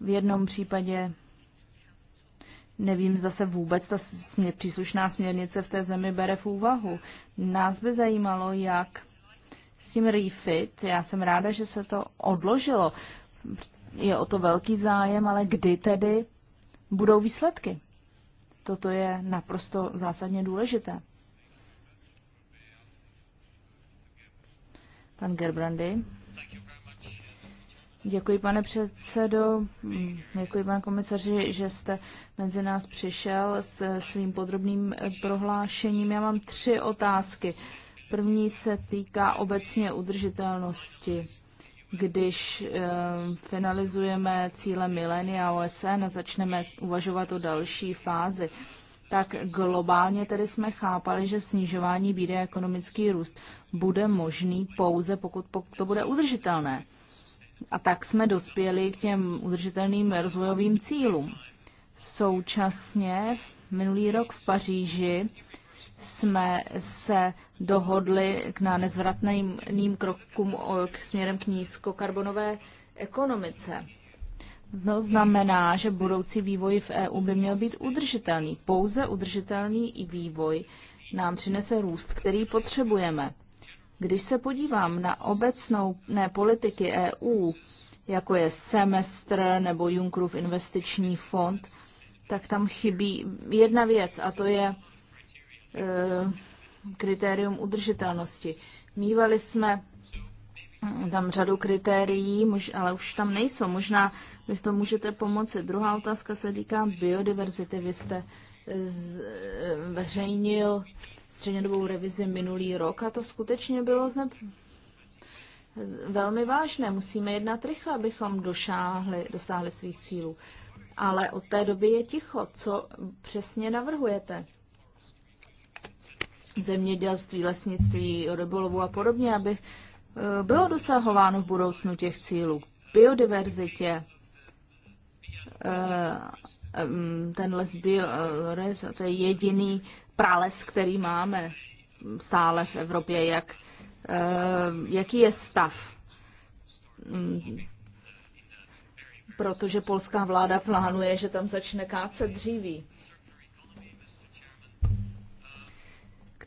V jednom případě nevím, zda se vůbec ta směr, příslušná směrnice v té zemi bere v úvahu. Nás by zajímalo, jak s tím refit, já jsem ráda, že se to odložilo, je o to velký zájem, ale kdy tedy budou výsledky? Toto je naprosto zásadně důležité. Pan Gerbrandy. Děkuji, pane předsedo. Děkuji, pane komisaři, že jste mezi nás přišel s svým podrobným prohlášením. Já mám tři otázky. První se týká obecně udržitelnosti když eh, finalizujeme cíle milénia OSN a začneme uvažovat o další fázi, tak globálně tedy jsme chápali, že snižování bíde ekonomický růst bude možný pouze, pokud, pokud to bude udržitelné. A tak jsme dospěli k těm udržitelným rozvojovým cílům. Současně minulý rok v Paříži jsme se dohodli k na nezvratným krokům k směrem k nízkokarbonové ekonomice. To znamená, že budoucí vývoj v EU by měl být udržitelný. Pouze udržitelný i vývoj nám přinese růst, který potřebujeme. Když se podívám na obecnou ne, politiky EU, jako je semestr nebo Junckerův investiční fond, tak tam chybí jedna věc a to je Eh, kritérium udržitelnosti. Mývali jsme tam řadu kritérií, ale už tam nejsou. Možná vy v tom můžete pomoci. Druhá otázka se týká biodiverzity. Vy jste eh, zveřejnil eh, střednědobou revizi minulý rok a to skutečně bylo zne... velmi vážné. Musíme jednat rychle, abychom dosáhli, dosáhli svých cílů. Ale od té doby je ticho. Co přesně navrhujete? zemědělství, lesnictví, rybolovu a podobně, aby eh, bylo dosahováno v budoucnu těch cílů. Biodiverzitě, eh, ten les biores, to je jediný prales, který máme stále v Evropě. Jak, eh, jaký je stav? Protože polská vláda plánuje, že tam začne kácet dříví.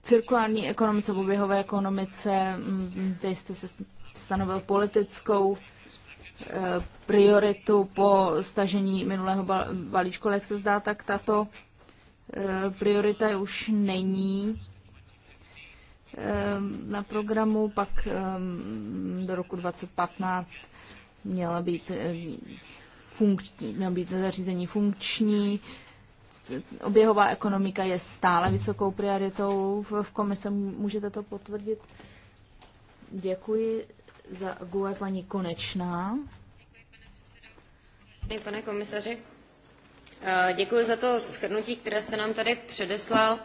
cirkulární ekonomice, oběhové ekonomice. Mm, vy jste se stanovil politickou eh, prioritu po stažení minulého balíčku, jak se zdá, tak tato eh, priorita už není eh, na programu, pak do roku 2015 měla být, funkční, měla být zařízení funkční, oběhová ekonomika je stále vysokou prioritou v komise. Můžete to potvrdit? Děkuji za GUE paní Konečná. Pane komisaři, eh, děkuji za to shrnutí, které jste nám tady předeslal.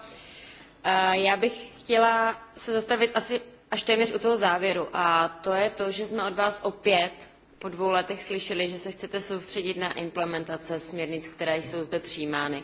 Eh, já bych chtěla se zastavit asi až téměř u toho závěru a to je to, že jsme od vás opět po dvou letech slyšeli, že se chcete soustředit na implementace směrnic, které jsou zde přijímány.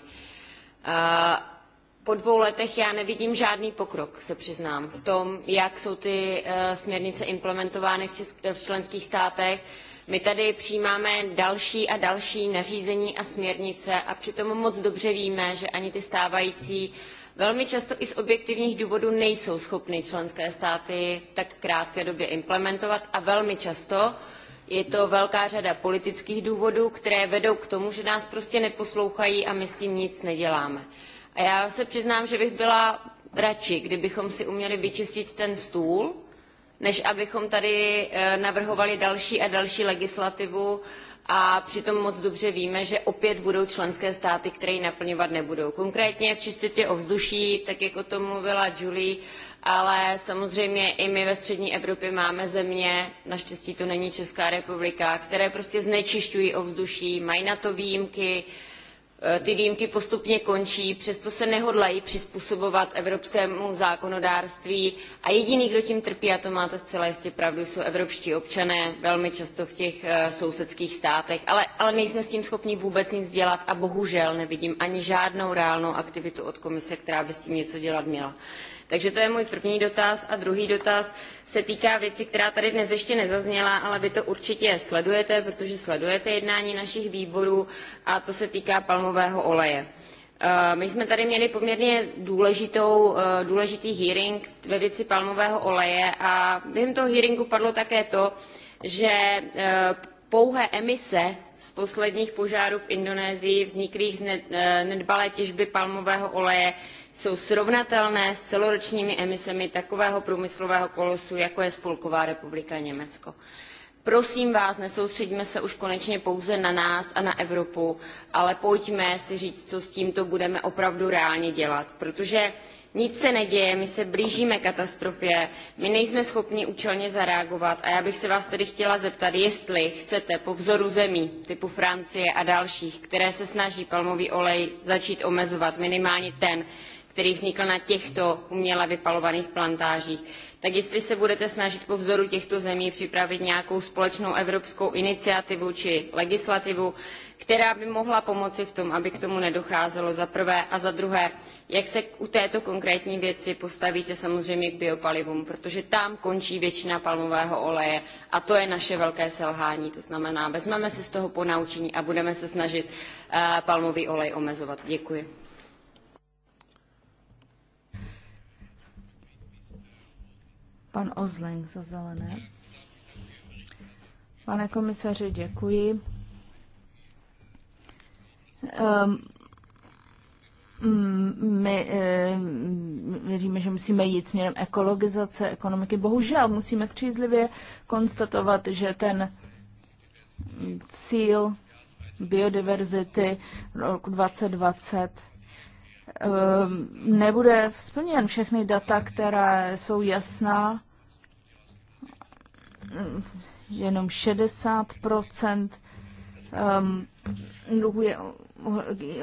Po dvou letech já nevidím žádný pokrok, se přiznám, v tom, jak jsou ty eh, směrnice implementovány v, česk- v členských státech. My tady přijímáme další a další nařízení a směrnice a přitom moc dobře víme, že ani ty stávající velmi často i z objektivních důvodů nejsou schopny členské státy v tak krátké době implementovat a velmi často uh, je to velká řada politických důvodů, které vedou k tomu, že nás prostě neposlouchají a my s tím nic neděláme. A já se přiznám, že bych byla radši, kdybychom si uměli vyčistit ten stůl, než abychom tady eh, navrhovali další a další legislativu a přitom moc dobře víme, že opět budou členské státy, které ji naplňovat nebudou. Konkrétně v čistotě ovzduší, tak jak o tom mluvila Julie, ale samozřejmě i my ve střední Evropě máme země, naštěstí to není Česká republika, které prostě znečišťují ovzduší, mají na to výjimky, e, ty výjimky postupně končí, přesto se nehodlají přizpůsobovat evropskému zákonodárství a jediný, kdo tím trpí, a to máte zcela jistě pravdu, jsou evropští občané, velmi často v těch e, sousedských státech, ale, ale nejsme s tím schopni vůbec nic dělat a bohužel nevidím ani žádnou reálnou aktivitu od komise, která by s tím něco dělat měla. Takže to je můj první dotaz. A druhý dotaz se týká věci, která tady dnes ještě nezazněla, ale vy to určitě sledujete, protože sledujete jednání našich výborů a to se týká palmového oleje. Eh, my jsme tady měli poměrně důležitou, eh, důležitý hearing ve věci palmového oleje a během toho hearingu padlo také to, že eh, pouhé emise z posledních požárů v Indonésii vzniklých z nedbalé těžby palmového oleje jsou srovnatelné s celoročními emisemi takového průmyslového kolosu, jako je Spolková republika Německo. Prosím vás, nesoustředíme se už konečně pouze na nás a na Evropu, ale pojďme si říct, co s tímto budeme opravdu reálně dělat, protože nic se neděje, my se blížíme katastrofě, my nejsme schopni účelně zareagovat a já bych se vás tedy chtěla zeptat, jestli chcete po vzoru zemí typu Francie a dalších, které se snaží palmový olej začít omezovat, minimálně ten, který vznikl na těchto uměle vypalovaných plantážích. Tak jestli se budete snažit po vzoru těchto zemí připravit nějakou společnou evropskou iniciativu či legislativu, která by mohla pomoci v tom, aby k tomu nedocházelo za prvé a za druhé, jak se u této konkrétní věci postavíte samozřejmě k biopalivům, protože tam končí většina palmového oleje a to je naše velké selhání. To znamená, vezmeme si z toho ponaučení a budeme se snažit eh, palmový olej omezovat. Děkuji. Pan Ozleng za zelené. Pane komisaři, děkuji. Um, my ehm, věříme, že musíme jít směrem ekologizace ekonomiky. Bohužel musíme střízlivě konstatovat, že ten cíl biodiverzity roku 2020 Ehm, nebude splněn všechny data, která jsou jasná. Ehm, jenom 60 ehm, druhů je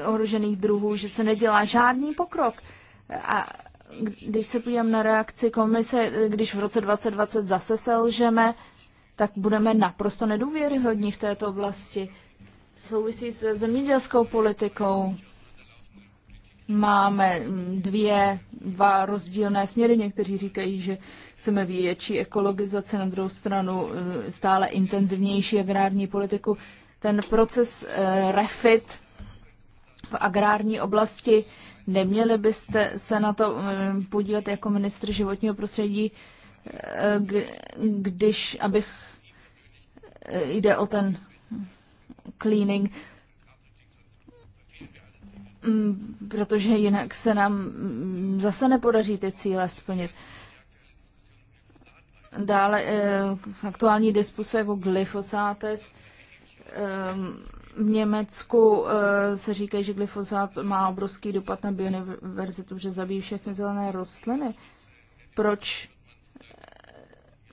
ohrožených druhů, že se nedělá žádný pokrok. A když se podívám na reakci komise, když v roce 2020 zase selžeme, tak budeme naprosto nedůvěryhodní v této oblasti. Souvisí s zemědělskou politikou, máme mm, dvě, dva rozdílné směry. Někteří říkají, že chceme větší ekologizace na druhou stranu eh, stále intenzivnější agrární politiku. Ten proces eh, refit v agrární oblasti, neměli byste se na to mm, podílet jako ministr životního prostředí, eh, když, abych jde o ten cleaning, Mm, protože jinak se nám mm, zase nepodaří ty cíle splnit. Dále eh, aktuální diskuse o glyfosátech. Ehm, v Německu eh, se říká, že glyfosát má obrovský dopad na biodiverzitu, že zabíjí všechny zelené rostliny. Proč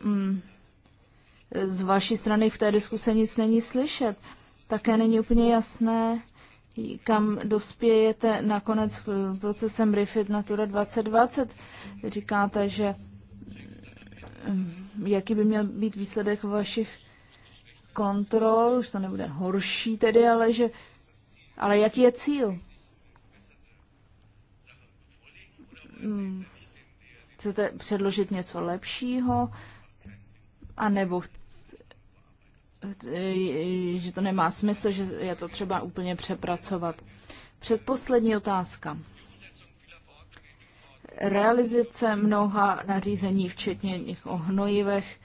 eh, mm, z vaší strany v té diskuse nic není slyšet? Také není úplně jasné, kam dospějete nakonec procesem Refit Natura 2020. Říkáte, že mm, jaký by měl být výsledek vašich kontrol, už to nebude horší tedy, ale že, ale jaký je cíl? Mm, chcete předložit něco lepšího, a nebo že to nemá smysl, že je to třeba úplně přepracovat. Předposlední otázka. Realizace mnoha nařízení, včetně těch o hnojivech,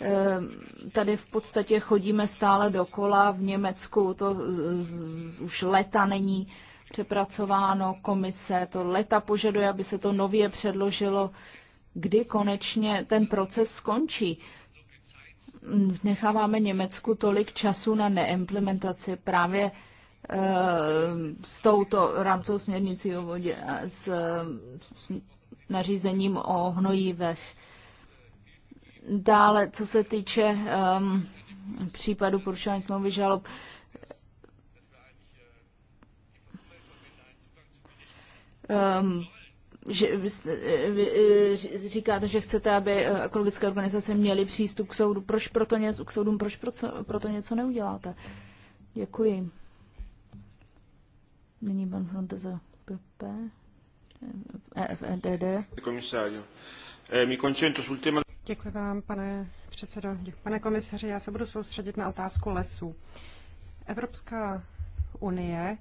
ehm, tady v podstatě chodíme stále dokola. V Německu to už leta není přepracováno, komise to leta požaduje, aby se to nově předložilo, kdy konečně ten proces skončí necháváme Německu tolik času na neimplementaci právě eh, s touto rámcovou směrnicí o vodě, s, s nařízením o hnojivech. Dále, co se týče um, případu porušování smlouvy žalob, um, že eh, eh, říkáte, že chcete, aby eh, ekologické organizace měly přístup k soudu. Proč proto něco, k soudům, proč proto, proto něco neuděláte? Děkuji. Nyní pan Fronte za PP, EFDD. E e Děkuji vám, pane předsedo. Pane komisaři, já se budu soustředit na otázku lesů. Evropská unie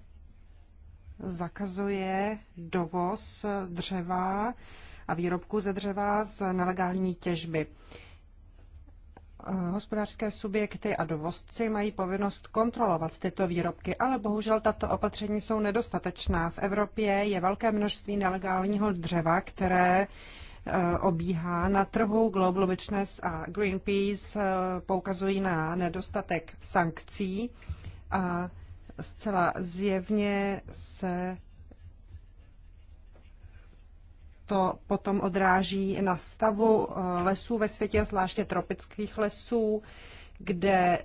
zakazuje dovoz dřeva a výrobku ze dřeva z nelegální těžby. Hospodářské subjekty a dovozci mají povinnost kontrolovat tyto výrobky, ale bohužel tato opatření jsou nedostatečná. V Evropě je velké množství nelegálního dřeva, které eh, obíhá na trhu. Global Witness a Greenpeace eh, poukazují na nedostatek sankcí a zcela zjevně se to potom odráží na stavu eh, lesů ve světě, zvláště tropických lesů, kde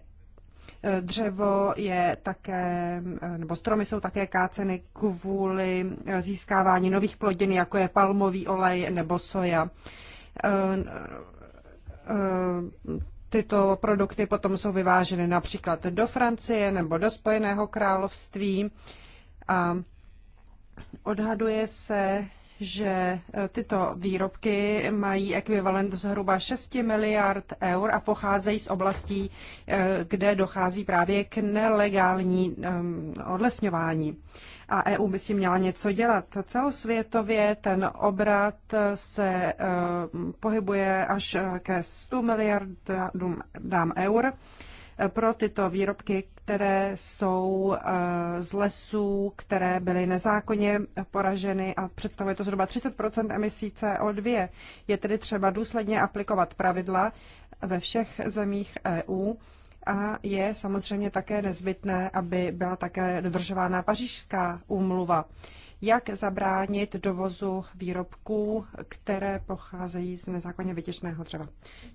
eh, dřevo je také, eh, nebo stromy jsou také káceny kvůli získávání nových plodin, jako je palmový olej nebo soja tyto produkty potom jsou vyváženy například do Francie nebo do Spojeného království a odhaduje se, že eh, tyto výrobky mají ekvivalent zhruba 6 miliard eur a pocházejí z oblastí, eh, kde dochází právě k nelegální ehm, odlesňování. A EU by si měla něco dělat. Celosvětově ten obrat eh, se ehm, pohybuje až ke 100 miliardám eur pro tyto výrobky, které jsou eh, z lesů, které byly nezákonně poraženy a představuje to zhruba 30 emisí CO2. Je tedy třeba důsledně aplikovat pravidla ve všech zemích EU a je samozřejmě také nezbytné, aby byla také dodržována pařížská úmluva jak zabránit dovozu výrobků, které pocházejí z nezákonně vytěžného dřeva.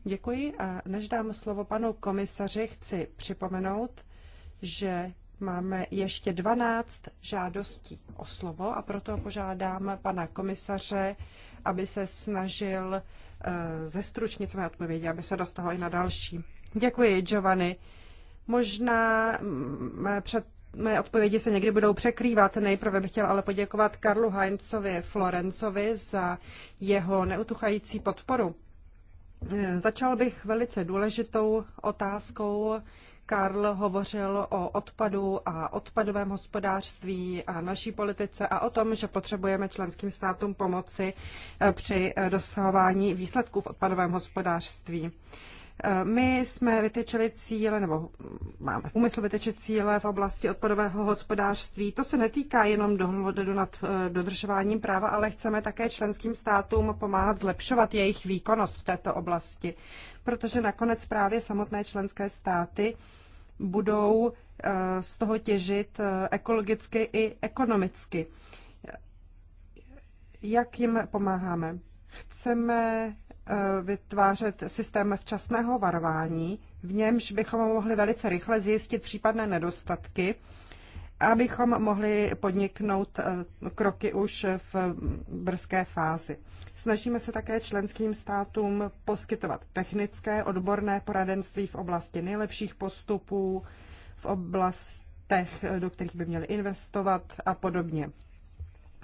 Děkuji a než dám slovo panu komisaři, chci připomenout, že máme ještě 12 žádostí o slovo a proto požádám pana komisaře, aby se snažil eh, zestručnit své odpovědi, aby se dostalo i na další. Děkuji, Giovanni. Možná mm, před mé odpovědi se někdy budou překrývat. Nejprve bych chtěl, ale poděkovat Karlu Heinzovi Florencovi za jeho neutuchající podporu. Začal bych velice důležitou otázkou. Karl hovořil o odpadu a odpadovém hospodářství a naší politice a o tom, že potřebujeme členským státům pomoci při dosahování výsledků v odpadovém hospodářství. Eh, my jsme vytyčili cíle, nebo máme v úmyslu vytyčit cíle v oblasti odpadového hospodářství. To se netýká jenom dohledu nad eh, dodržováním práva, ale chceme také členským státům pomáhat zlepšovat jejich výkonnost v této oblasti, protože nakonec právě samotné členské státy budou eh, z toho těžit ekologicky i ekonomicky. Jak jim pomáháme? Chceme eh, vytvářet systém včasného varování, v němž bychom mohli velice rychle zjistit případné nedostatky, abychom mohli podniknout eh, kroky už v brzké fázi. Snažíme se také členským státům poskytovat technické odborné poradenství v oblasti nejlepších postupů, v oblastech, do kterých by měli investovat a podobně.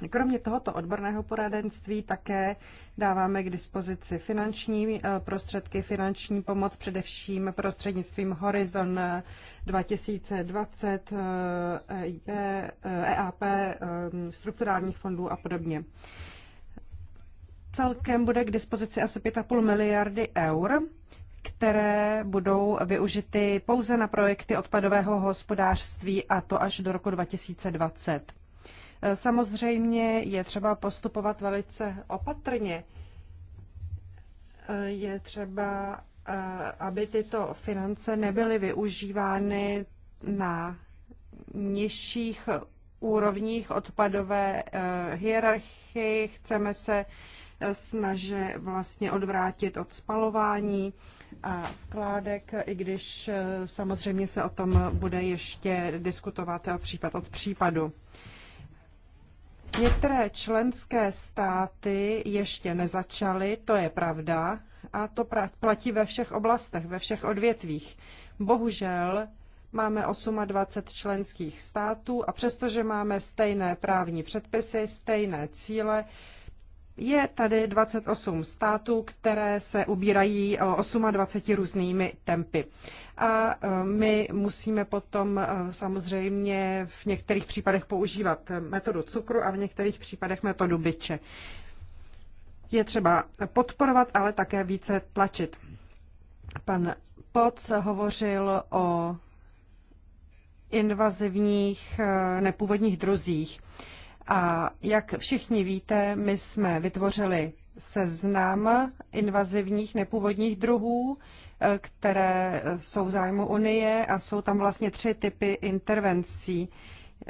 Kromě tohoto odborného poradenství také dáváme k dispozici finanční eh, prostředky, finanční pomoc především prostřednictvím Horizon 2020, EIP, EAP, strukturálních fondů a podobně. Celkem bude k dispozici asi 5,5 miliardy eur, které budou využity pouze na projekty odpadového hospodářství a to až do roku 2020. Samozřejmě je třeba postupovat velice opatrně. Je třeba, eh, aby tyto finance nebyly využívány na nižších úrovních odpadové eh, hierarchii. Chceme se eh, snaže vlastně odvrátit od spalování a skládek, i když samozřejmě se o tom bude ještě diskutovat případ od případu. Některé členské státy ještě nezačaly, to je pravda, a to platí ve všech oblastech, ve všech odvětvích. Bohužel máme 28 členských států a přestože máme stejné právní předpisy, stejné cíle, je tady 28 států, které se ubírají 28 eh, různými tempy. A eh, my musíme potom eh, samozřejmě v některých případech používat metodu cukru a v některých případech metodu byče. Je třeba podporovat, ale také více tlačit. Pan Poc hovořil o invazivních nepůvodních druzích. A jak všichni víte, my jsme vytvořili seznam invazivních nepůvodních druhů, eh, které eh, jsou v zájmu Unie a jsou tam vlastně tři typy intervencí.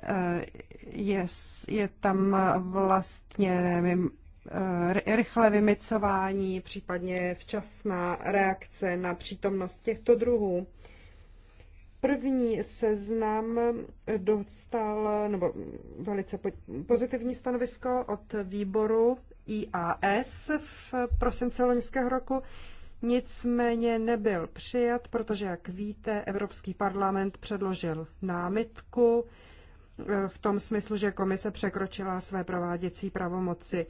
Eh, je, je tam vlastně nevím, rychlé vymicování, případně včasná reakce na přítomnost těchto druhů. První seznam dostal nebo velice pozitivní stanovisko od výboru IAS v prosince loňského roku. Nicméně nebyl přijat, protože, jak víte, Evropský parlament předložil námitku eh, v tom smyslu, že komise překročila své prováděcí pravomoci.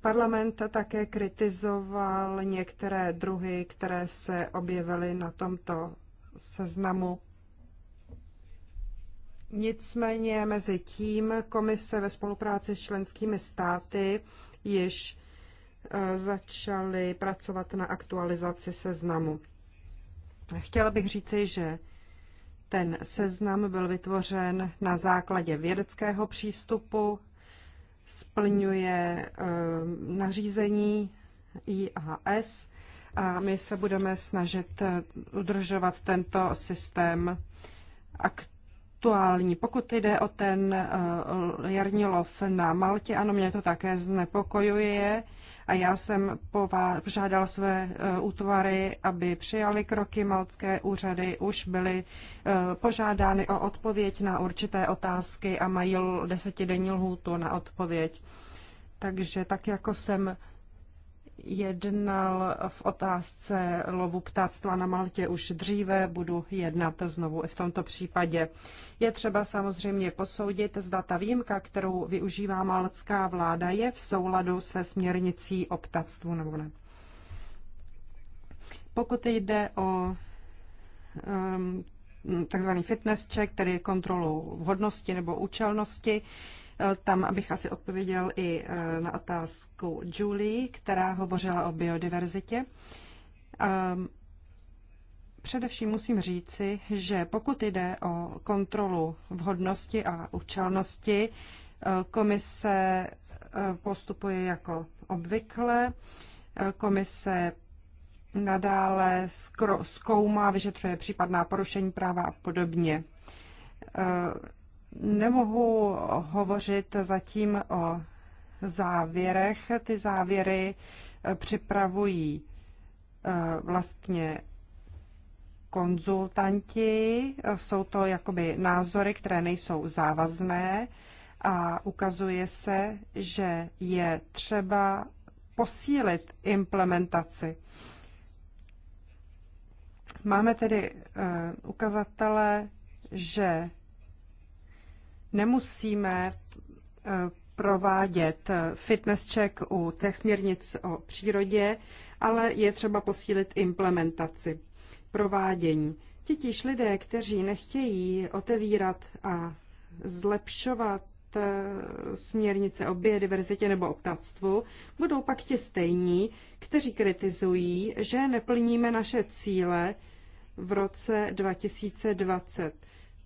Parlament také kritizoval některé druhy, které se objevily na tomto seznamu Nicméně mezi tím komise ve spolupráci s členskými státy již e, začaly pracovat na aktualizaci seznamu. Chtěla bych říci, že ten seznam byl vytvořen na základě vědeckého přístupu, splňuje e, nařízení IAS a my se budeme snažit e, udržovat tento systém aktualizovat aktuální. Pokud jde o ten eh, jarní lov na Maltě, ano, mě to také znepokojuje a já jsem požádal své eh, útvary, aby přijali kroky maltské úřady, už byly eh, požádány o odpověď na určité otázky a mají desetidenní lhůtu na odpověď. Takže tak, jako jsem jednal v otázce lovu ptáctva na Maltě už dříve, budu jednat znovu i v tomto případě. Je třeba samozřejmě posoudit, zda ta výjimka, kterou využívá maltská vláda, je v souladu se směrnicí o ptactvu nebo ne. Pokud jde o um, takzvaný fitness check, tedy kontrolu vhodnosti nebo účelnosti, tam abych asi odpověděl i eh, na otázku Julie, která hovořila o biodiverzitě. Ehm, především musím říci, že pokud jde o kontrolu vhodnosti a účelnosti, eh, komise eh, postupuje jako obvykle. Komise nadále zkoumá, vyšetřuje případná porušení práva a podobně. Nemohu hovořit zatím o závěrech. Ty závěry eh, připravují eh, vlastně konzultanti. Jsou to jakoby názory, které nejsou závazné a ukazuje se, že je třeba posílit implementaci. Máme tedy eh, ukazatele, že nemusíme eh, provádět eh, fitness check u těch směrnic o přírodě, ale je třeba posílit implementaci, provádění. Titíž lidé, kteří nechtějí otevírat a zlepšovat eh, směrnice o biodiverzitě nebo o ptactvu, budou pak ti stejní, kteří kritizují, že neplníme naše cíle v roce 2020.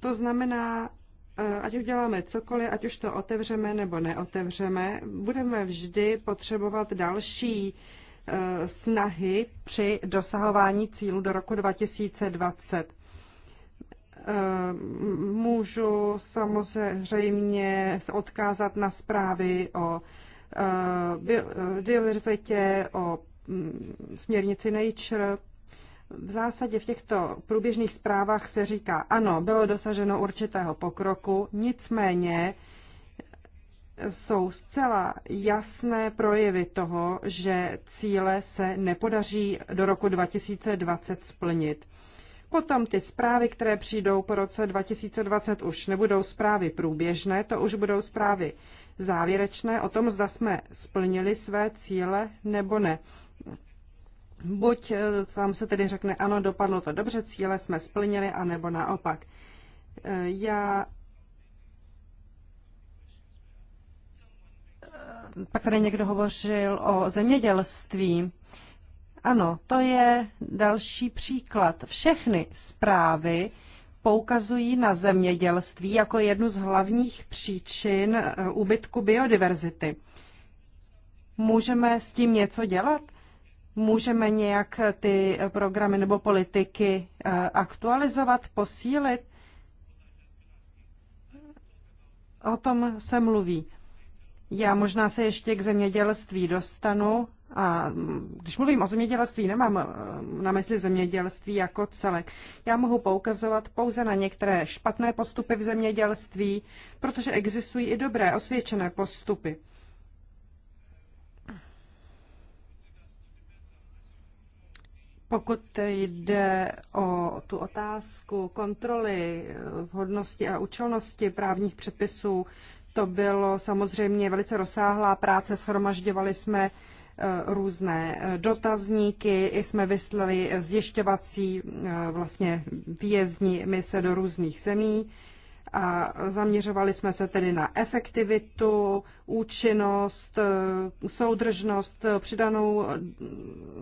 To znamená, ať uděláme cokoliv, ať už to otevřeme nebo neotevřeme, budeme vždy potřebovat další e, snahy při dosahování cílu do roku 2020. E, můžu samozřejmě se odkázat na zprávy o e, biodiverzitě, o mm, směrnici Nature, v zásadě v těchto průběžných zprávách se říká, ano, bylo dosaženo určitého pokroku, nicméně jsou zcela jasné projevy toho, že cíle se nepodaří do roku 2020 splnit. Potom ty zprávy, které přijdou po roce 2020, už nebudou zprávy průběžné, to už budou zprávy závěrečné o tom, zda jsme splnili své cíle nebo ne. Buď eh, tam se tedy řekne, ano, dopadlo to dobře, cíle jsme splnili, anebo naopak. Eh, já eh, pak tady někdo hovořil o zemědělství. Ano, to je další příklad. Všechny zprávy poukazují na zemědělství jako jednu z hlavních příčin úbytku biodiverzity. Můžeme s tím něco dělat? můžeme nějak ty programy nebo politiky eh, aktualizovat, posílit? O tom se mluví. Já možná se ještě k zemědělství dostanu. A když mluvím o zemědělství, nemám eh, na mysli zemědělství jako celek. Já mohu poukazovat pouze na některé špatné postupy v zemědělství, protože existují i dobré osvědčené postupy. Pokud jde o tu otázku kontroly eh, vhodnosti a účelnosti právních předpisů, to bylo samozřejmě velice rozsáhlá práce, shromažďovali jsme eh, různé eh, dotazníky, i jsme vyslali zjišťovací vlastně výjezdní mise do různých zemí a zaměřovali jsme se tedy na efektivitu, účinnost, e, soudržnost, e, přidanou e,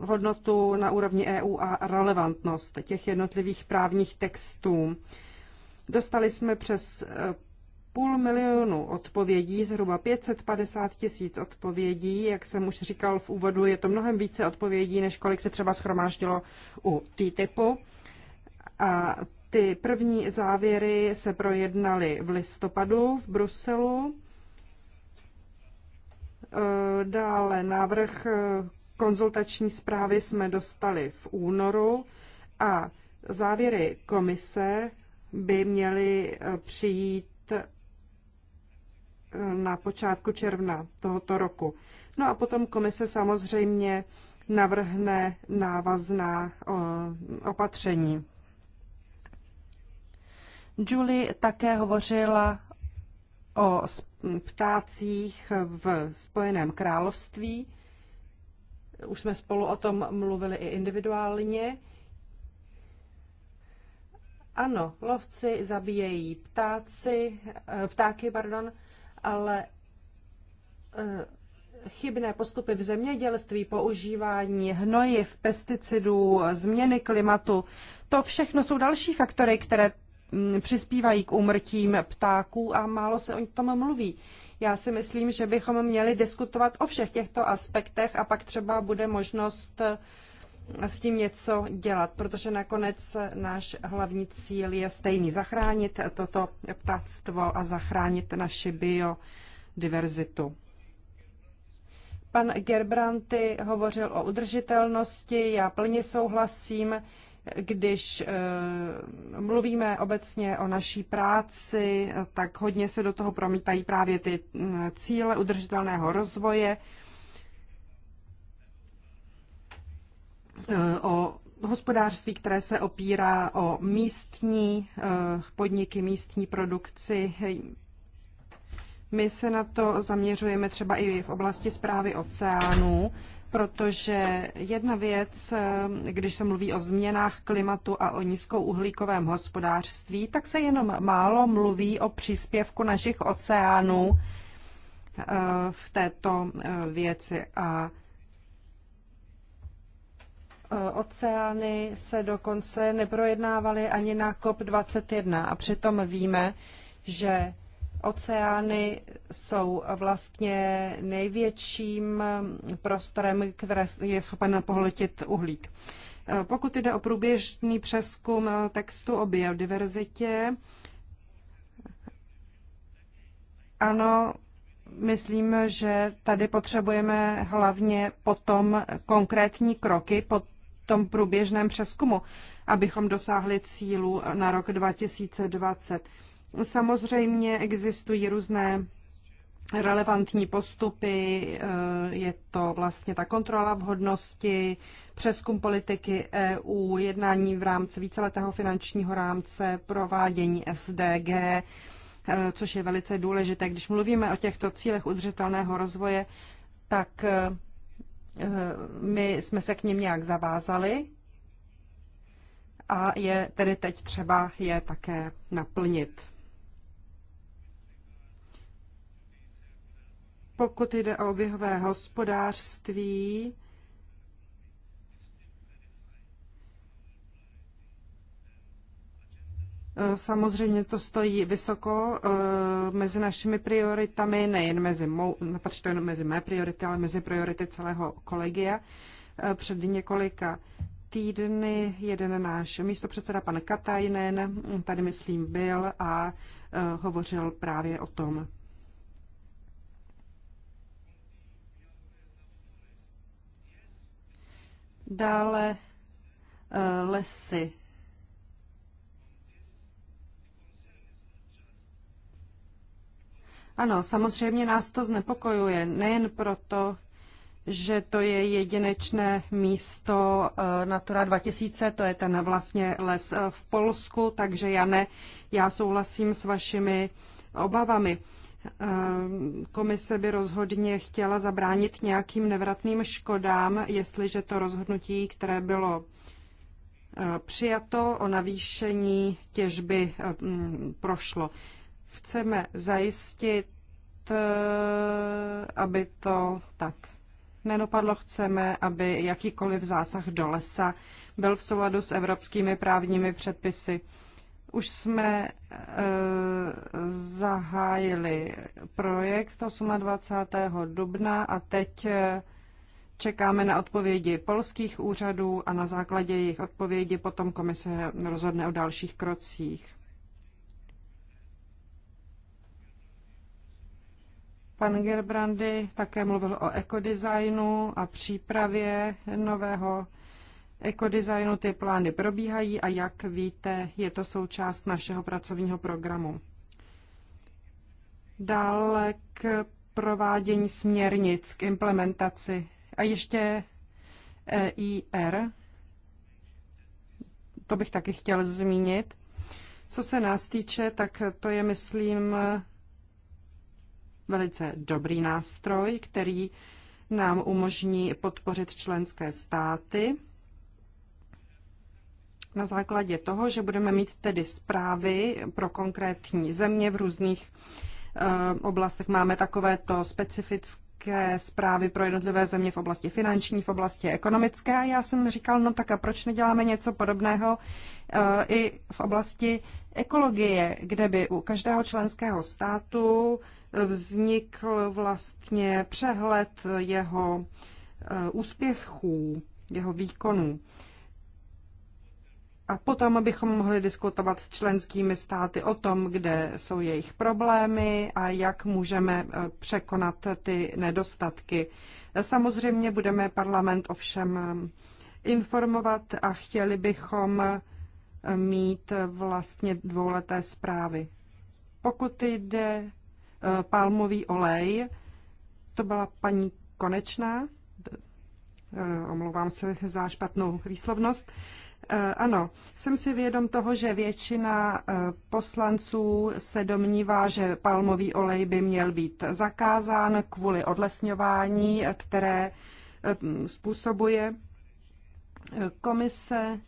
hodnotu na úrovni EU a relevantnost těch jednotlivých právních textů. Dostali jsme přes půl milionu odpovědí, zhruba 550 tisíc odpovědí. Jak jsem už říkal v úvodu, je to mnohem více odpovědí, než kolik se třeba schromáždilo u TTIPu. A ty první závěry se projednaly v listopadu v Bruselu. Eh, dále návrh eh, konzultační zprávy jsme dostali v únoru a závěry komise by měly eh, přijít na počátku června tohoto roku. No a potom komise samozřejmě navrhne návazná opatření. Julie také hovořila o ptácích v Spojeném království. Už jsme spolu o tom mluvili i individuálně. Ano, lovci zabíjejí ptáci, eh, ptáky, pardon, ale eh, chybné postupy v zemědělství, používání hnojiv, pesticidů, změny klimatu, to všechno jsou další faktory, které Mm, přispívají k úmrtím ptáků a málo se o tom mluví. Já si myslím, že bychom měli diskutovat o všech těchto aspektech a pak třeba bude možnost eh, s tím něco dělat, protože nakonec eh, náš hlavní cíl je stejný. Zachránit toto ptáctvo a zachránit naši biodiverzitu. Pan Gerbranty hovořil o udržitelnosti, já plně souhlasím když eh, mluvíme obecně o naší práci, tak hodně se do toho promítají právě ty mm, cíle udržitelného rozvoje, eh, o hospodářství, které se opírá o místní eh, podniky, místní produkci. My se na to zaměřujeme třeba i v oblasti zprávy oceánů protože jedna věc, když se mluví o změnách klimatu a o nízkouhlíkovém hospodářství, tak se jenom málo mluví o příspěvku našich oceánů eh, v této eh, věci. A eh, oceány se dokonce neprojednávaly ani na COP21 a přitom víme, že Oceány jsou vlastně největším prostorem, které je schopen pohltit uhlík. Pokud jde o průběžný přeskum textu o biodiverzitě, ano, myslím, že tady potřebujeme hlavně potom konkrétní kroky po tom průběžném přeskumu, abychom dosáhli cílu na rok 2020. Samozřejmě existují různé relevantní postupy, eh, je to vlastně ta kontrola vhodnosti, přeskum politiky EU, jednání v rámci víceletého finančního rámce, provádění SDG, eh, což je velice důležité. Když mluvíme o těchto cílech udržitelného rozvoje, tak eh, my jsme se k ním nějak zavázali a je tedy teď třeba je také naplnit. Pokud jde o oběhové hospodářství, eh, Samozřejmě to stojí vysoko eh, mezi našimi prioritami, nejen mezi, mou, nepatří to jenom mezi mé priority, ale mezi priority celého kolegia. Eh, před několika týdny jeden náš místopředseda pan Katajnen tady myslím byl a hovořil právě o tom. Dále eh, lesy. Ano, samozřejmě nás to znepokojuje, nejen proto, že to je jedinečné místo eh, Natura 2000, to je ten vlastně les eh, v Polsku, takže Jane, já souhlasím s vašimi obavami. Ehm, komise by rozhodně chtěla zabránit nějakým nevratným škodám, jestliže to rozhodnutí, které bylo eh, přijato o navýšení těžby ehm, prošlo. Chceme zajistit, eh, aby to tak nenopadlo. Chceme, aby jakýkoliv zásah do lesa byl v souladu s evropskými právními předpisy. Už jsme e, zahájili projekt 28. dubna a teď eh, čekáme na odpovědi polských úřadů a na základě jejich odpovědi potom komise rozhodne o dalších krocích. Pan Gerbrandy také mluvil o ekodesignu a přípravě nového ekodesignu. Ty plány probíhají a jak víte, je to součást našeho pracovního programu. Dále k provádění směrnic, k implementaci. A ještě EIR, to bych taky chtěl zmínit. Co se nás týče, tak to je, myslím, velice dobrý nástroj, který nám umožní podpořit členské státy na základě toho, že budeme mít tedy zprávy pro konkrétní země v různých eh, oblastech. Máme takovéto specifické zprávy pro jednotlivé země v oblasti finanční, v oblasti ekonomické. A já jsem říkal, no tak a proč neděláme něco podobného eh, i v oblasti ekologie, kde by u každého členského státu eh, vznikl vlastně přehled jeho úspěchů, jeho výkonů a potom bychom mohli diskutovat s členskými státy o tom, kde jsou jejich problémy a jak můžeme eh, překonat ty nedostatky. Samozřejmě budeme parlament ovšem eh, informovat a chtěli bychom eh, mít vlastně dvouleté zprávy. Pokud jde palmový olej, to byla paní Konečná, omlouvám se za špatnou výslovnost, Eh, ano, jsem si vědom toho, že většina eh, poslanců se domnívá, že palmový olej by měl být zakázán kvůli odlesňování, které eh, způsobuje komise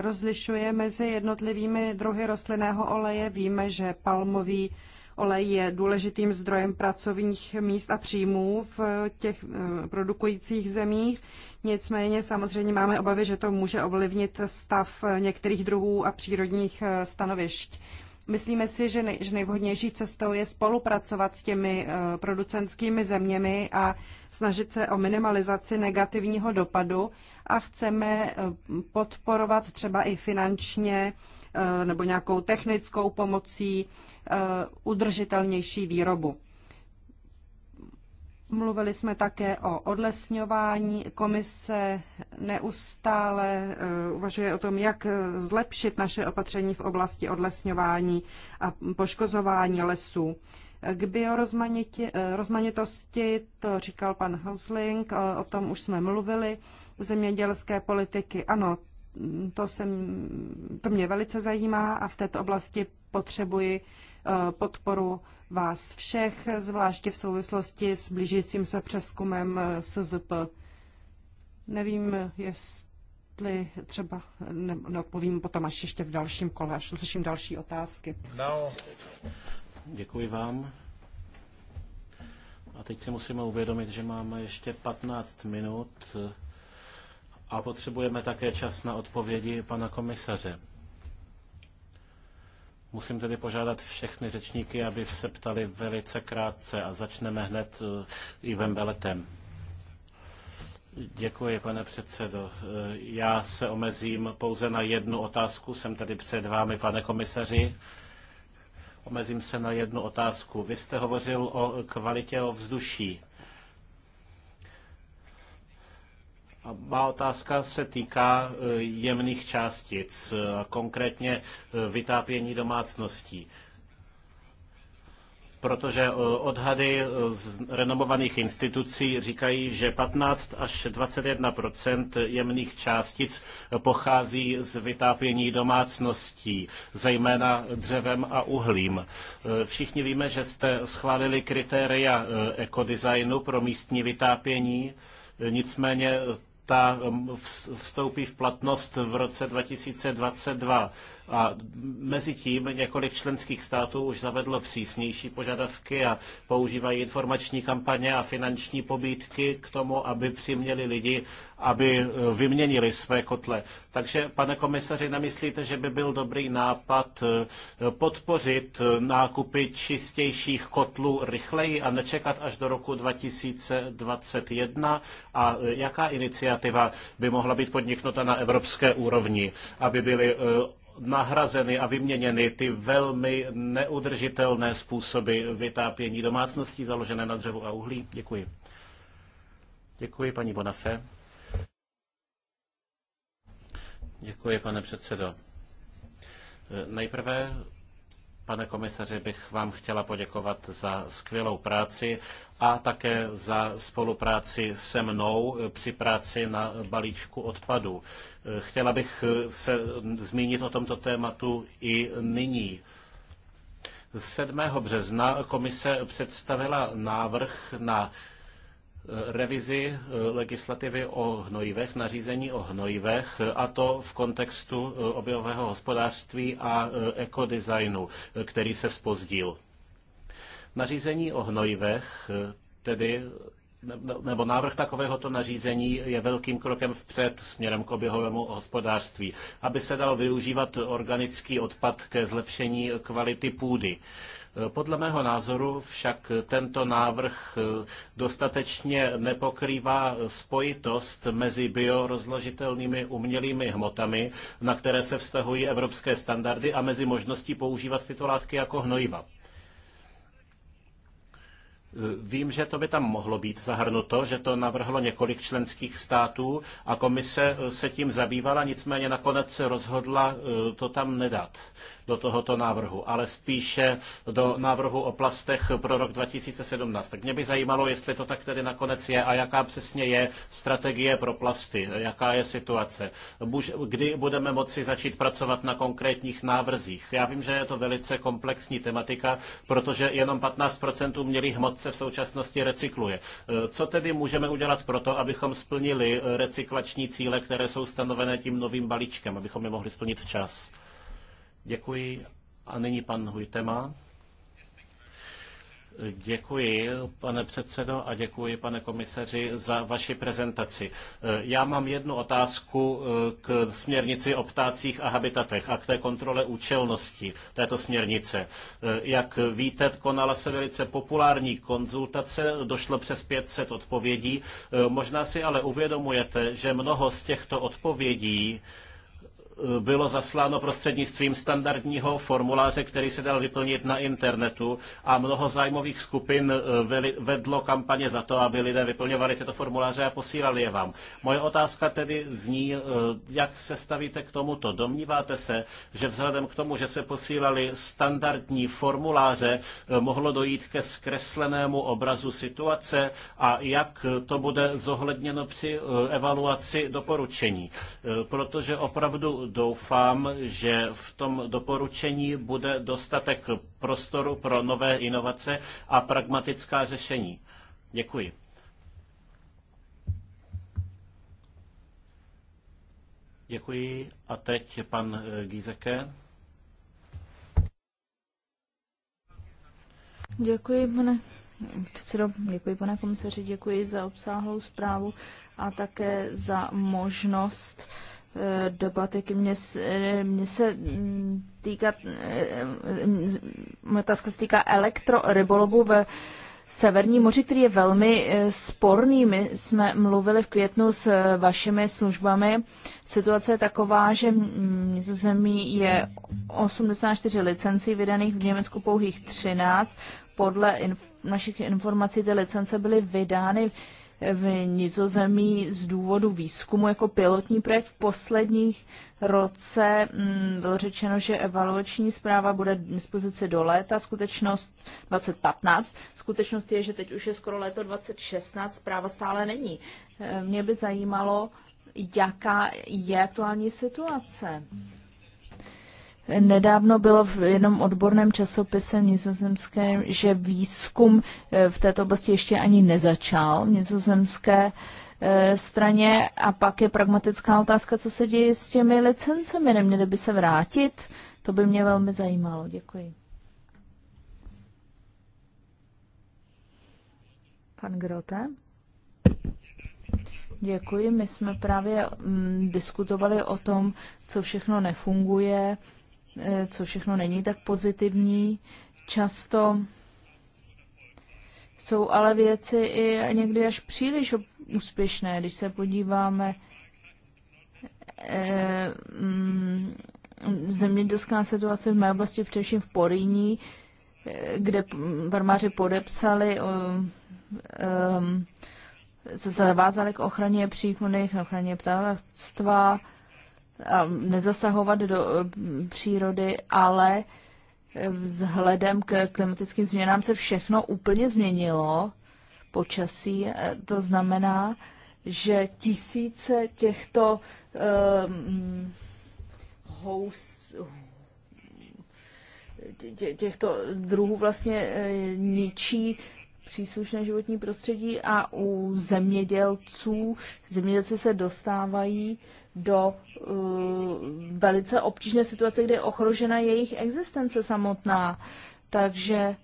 rozlišuje mezi jednotlivými druhy rostlinného oleje. Víme, že palmový Olej je důležitým zdrojem pracovních míst a příjmů v těch eh, produkujících zemích. Nicméně samozřejmě máme obavy, že to může ovlivnit stav některých druhů a přírodních eh, stanovišť. Myslíme si, že, nej, že nejvhodnější cestou je spolupracovat s těmi eh, producentskými zeměmi a snažit se o minimalizaci negativního dopadu a chceme podporovat třeba i finančně Eh, nebo nějakou technickou pomocí eh, udržitelnější výrobu. Mluvili jsme také o odlesňování. Komise neustále eh, uvažuje o tom, jak zlepšit naše opatření v oblasti odlesňování a poškozování lesů. K biorozmanitosti, to říkal pan Hausling, o tom už jsme mluvili, zemědělské politiky, ano, to, jsem, to mě velice zajímá a v této oblasti potřebuji eh, podporu vás všech, zvláště v souvislosti s blížícím se přeskumem eh, SZP. Nevím, jestli třeba ne, povím potom až ještě v dalším kole, až slyším další otázky. No. Děkuji vám. A teď si musíme uvědomit, že máme ještě 15 minut eh, a potřebujeme také čas na odpovědi pana komisaře. Musím tedy požádat všechny řečníky, aby se ptali velice krátce a začneme hned eh, Ivem Beletem. Děkuji, pane předsedo. Eh, já se omezím pouze na jednu otázku. Jsem tady před vámi, pane komisaři. Omezím se na jednu otázku. Vy jste hovořil o kvalitě ovzduší. A má otázka se týká eh, jemných částic, eh, konkrétně eh, vytápění domácností protože odhady z renomovaných institucí říkají, že 15 až 21 jemných částic pochází z vytápění domácností, zejména dřevem a uhlím. Všichni víme, že jste schválili kritéria ekodesignu pro místní vytápění, nicméně ta um, vstoupí v platnost v roce 2022. A mezi tím několik členských států už zavedlo přísnější požadavky a používají informační kampaně a finanční pobídky k tomu, aby přiměli lidi, aby e, vyměnili své kotle. Takže, pane komisaři, nemyslíte, že by byl dobrý nápad e, podpořit e, nákupy čistějších kotlů rychleji a nečekat až do roku 2021? A jaká iniciativa by mohla být podniknuta na evropské úrovni, aby byly nahrazeny a vyměněny ty velmi neudržitelné způsoby vytápění domácností založené na dřevu a uhlí? Děkuji. Děkuji, paní Bonafé. Děkuji, pane předsedo. Nejprve Pane komisaři, bych vám chtěla poděkovat za skvělou práci a také za spolupráci se mnou při práci na balíčku odpadů. Chtěla bych se zmínit o tomto tématu i nyní. 7. března komise představila návrh na Eh, revizi eh, legislativy o hnojivech, nařízení o hnojivech, eh, a to v kontextu objevového hospodářství a ekodesignu, který se spozdil. Nařízení o hnojivech, tedy nebo návrh takovéhoto nařízení je velkým krokem vpřed směrem k oběhovému hospodářství, aby se dal využívat organický odpad ke zlepšení kvality půdy. Podle mého názoru však tento návrh eh, dostatečně nepokrývá spojitost mezi biorozložitelnými umělými hmotami, na které se vztahují evropské standardy, a mezi možností používat tyto látky jako hnojiva. Vím, že to by tam mohlo být zahrnuto, že to navrhlo několik členských států a komise se tím zabývala, nicméně nakonec se rozhodla eh, to tam nedat do tohoto návrhu, ale spíše do návrhu o plastech pro rok 2017. Tak mě by zajímalo, jestli to tak tedy nakonec je a jaká přesně je strategie pro plasty, jaká je situace, kdy budeme moci začít pracovat na konkrétních návrzích. Já vím, že je to velice komplexní tematika, protože jenom 15% měli hmot se v současnosti recykluje. E, co tedy můžeme udělat pro to, abychom splnili e, recyklační cíle, které jsou stanovené tím novým balíčkem, abychom je mohli splnit včas? Děkuji. A nyní pan Hujtema. Děkuji, pane předsedo, a děkuji, pane komisaři, za vaši prezentaci. Já mám jednu otázku eh, k směrnici o ptácích a habitatech a k té kontrole účelnosti této směrnice. Eh, jak víte, konala se velice populární konzultace, došlo přes 500 odpovědí. Eh, možná si ale uvědomujete, že mnoho z těchto odpovědí bylo zasláno prostřednictvím standardního formuláře, který se dal vyplnit na internetu a mnoho zájmových skupin eh, vedlo kampaně za to, aby lidé vyplňovali tyto formuláře a posílali je vám. Moje otázka tedy zní, eh, jak se stavíte k tomuto. Domníváte se, že vzhledem k tomu, že se posílali standardní formuláře, eh, mohlo dojít ke zkreslenému obrazu situace a jak to bude zohledněno při evaluaci doporučení? Protože opravdu doufám, že v tom doporučení bude dostatek prostoru pro nové inovace a pragmatická řešení. Děkuji. Děkuji. A teď pan eh, Gizeke. Děkuji, pane předsedo, děkuji, pane komisaři, děkuji za obsáhlou zprávu a také za možnost Eh, debaty. Mně, eh, mně se se mm, týká, eh, mm, moje otázka se týká elektrorybolovu ve Severní moři, který je velmi sporný. My jsme mluvili v květnu s vašimi službami. Situace je taková, že v zemí je 84 licencí vydaných, v Německu pouhých 13. Podle in, našich informací ty licence byly vydány v Nizozemí z důvodu výzkumu jako pilotní projekt. V posledních roce mm, bylo řečeno, že evaluační zpráva bude k dispozici do léta, skutečnost 2015. Skutečnost je, že teď už je skoro léto 2016, zpráva stále není. E, mě by zajímalo, jaká je aktuální situace. Nedávno bylo v jednom odborném časopise v že výzkum eh, v této oblasti ještě ani nezačal v nizozemské eh, straně. A pak je pragmatická otázka, co se děje s těmi licencemi. Neměly by se vrátit? To by mě velmi zajímalo. Děkuji. Pan Grote? Děkuji. My jsme právě mm, diskutovali o tom, co všechno nefunguje E, co všechno není tak pozitivní. Často jsou ale věci i někdy až příliš úspěšné, když se podíváme e, mm, zemědělská situace v mé oblasti, především v Poríní, e, kde farmáři podepsali, se zavázali k ochraně příkonných, ochraně ptáctva, a nezasahovat do eh, přírody, ale eh, vzhledem k klimatickým změnám se všechno úplně změnilo počasí. Eh, to znamená, že tisíce těchto um, hous, tě, těchto druhů vlastně ničí příslušné životní prostředí a u zemědělců, zemědělci se dostávají do uh, velice obtížné situace, kde je ohrožena jejich existence samotná. Takže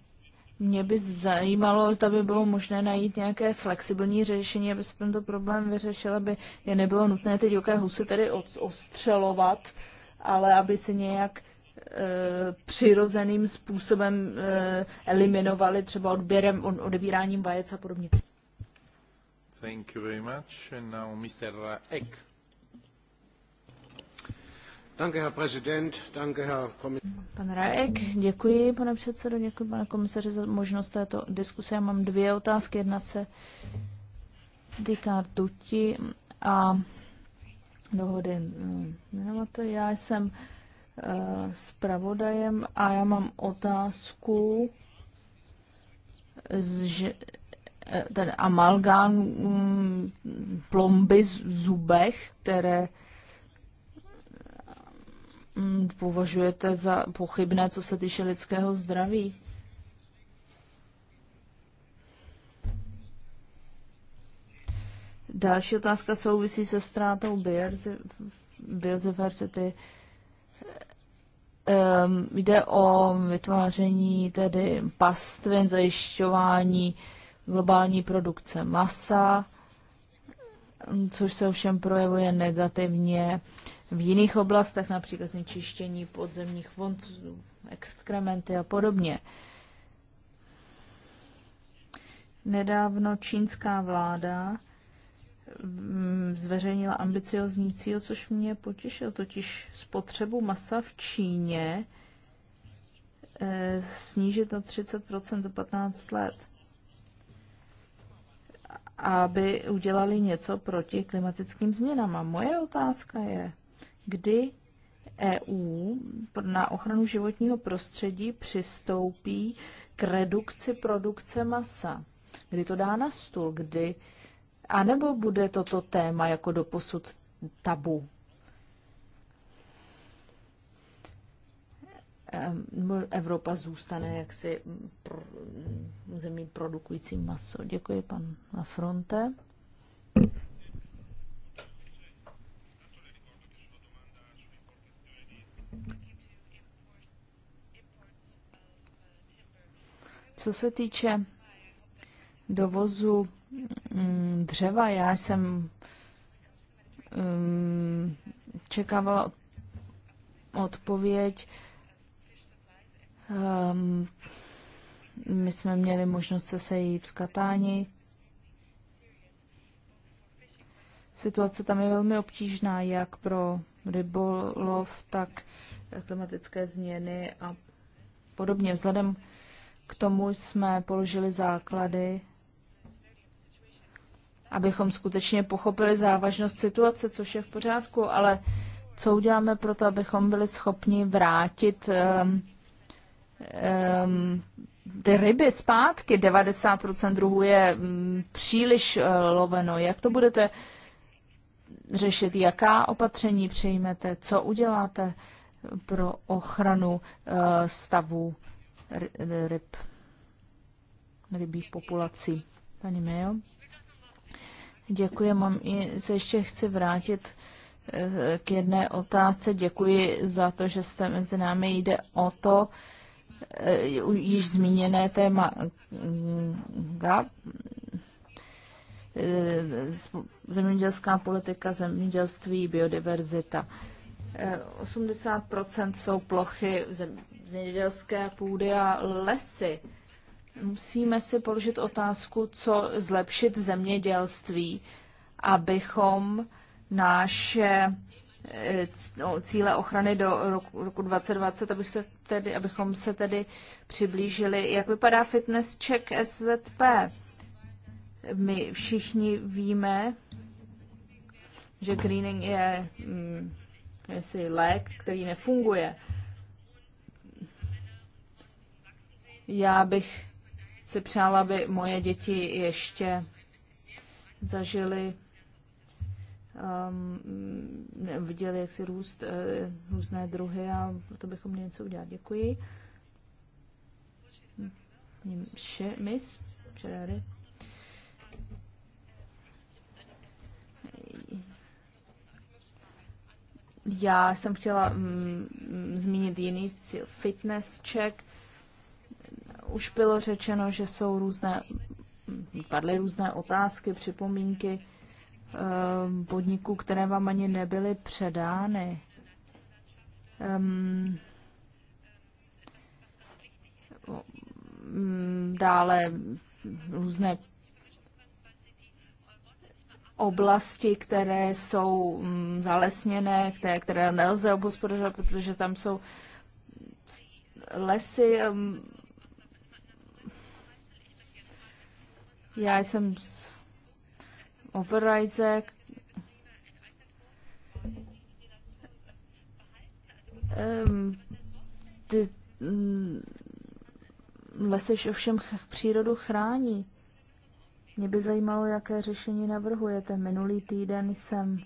mě by zajímalo, zda by bylo možné najít nějaké flexibilní řešení, aby se tento problém vyřešil, aby je nebylo nutné ty divoké husy tedy ostřelovat, ale aby se nějak eh, přirozeným způsobem eh, eliminovali třeba odběrem, odebíráním vajec a podobně. Thank you very much. And now Mr. Eck. Pan Rajek, děkuji, pane předsedo, děkuji, pane komisaři, za možnost této diskuse. Já mám dvě otázky. Jedna se týká tuti a dohody. No, to já jsem eh, zpravodajem a já mám otázku, že eh, ten amalgán mm, plomby z zubech, které Mm, považujete za pochybné, co se týče lidského zdraví? Další otázka souvisí se ztrátou biodiverzity. Um, jde o vytváření tedy pastvin, zajišťování globální produkce masa, což se ovšem projevuje negativně v jiných oblastech, například znečištění podzemních vod, exkrementy a podobně. Nedávno čínská vláda mm, zveřejnila ambiciozní cíl, což mě potěšilo, totiž spotřebu masa v Číně eh, snížit na 30 za 15 let aby udělali něco proti klimatickým změnám. A moje otázka je, kdy EU na ochranu životního prostředí přistoupí k redukci produkce masa. Kdy to dá na stůl, kdy... A nebo bude toto téma jako doposud tabu? Ehm, Evropa zůstane jaksi pro, zemí produkující maso. Děkuji, pan Lafronte. Co se týče dovozu mm, dřeva, já jsem um, čekávala odpověď Um, my jsme měli možnost se sejít v Katáni. Situace tam je velmi obtížná, jak pro rybolov, tak klimatické změny a podobně. Vzhledem k tomu jsme položili základy, abychom skutečně pochopili závažnost situace, což je v pořádku, ale co uděláme pro to, abychom byli schopni vrátit um, um, ty ryby zpátky, 90% druhů je um, příliš uh, loveno. Jak to budete řešit? Jaká opatření přejmete? Co uděláte pro ochranu uh, stavu ryb, rybích populací? Pani Mejo? Děkuji, mám i, se ještě chci vrátit eh, k jedné otázce. Děkuji za to, že jste mezi námi. Jde o to, Eh, již zmíněné téma GAP, eh, zemědělská politika, zemědělství, biodiverzita. 80 eh, jsou plochy zemědělské půdy a lesy. Musíme si položit otázku, co zlepšit v zemědělství, abychom naše Eh, no, cíle ochrany do roku, roku 2020, aby se tedy, abychom se tedy přiblížili. Jak vypadá fitness check SZP? My všichni víme, že greening je mm, jestli lék, který nefunguje. Já bych si přála, aby moje děti ještě zažili um, viděli, jak si růst uh, různé druhy a to bychom měli něco udělat. Děkuji. Vše, mis, předády. Já jsem chtěla mm, mm, zmínit jiný cíl, fitness check. Už bylo řečeno, že jsou různé, mm, padly různé otázky, připomínky Eh, podniků, které vám ani nebyly předány. Ehm, mm, dále různé oblasti, které jsou mm, zalesněné, které, které nelze obhospodařovat, protože tam jsou lesy. Ehm, já jsem z Overrise. Ehm, ty mm, lesy ovšem přírodu chrání. Mě by zajímalo, jaké řešení navrhujete. Minulý týden jsem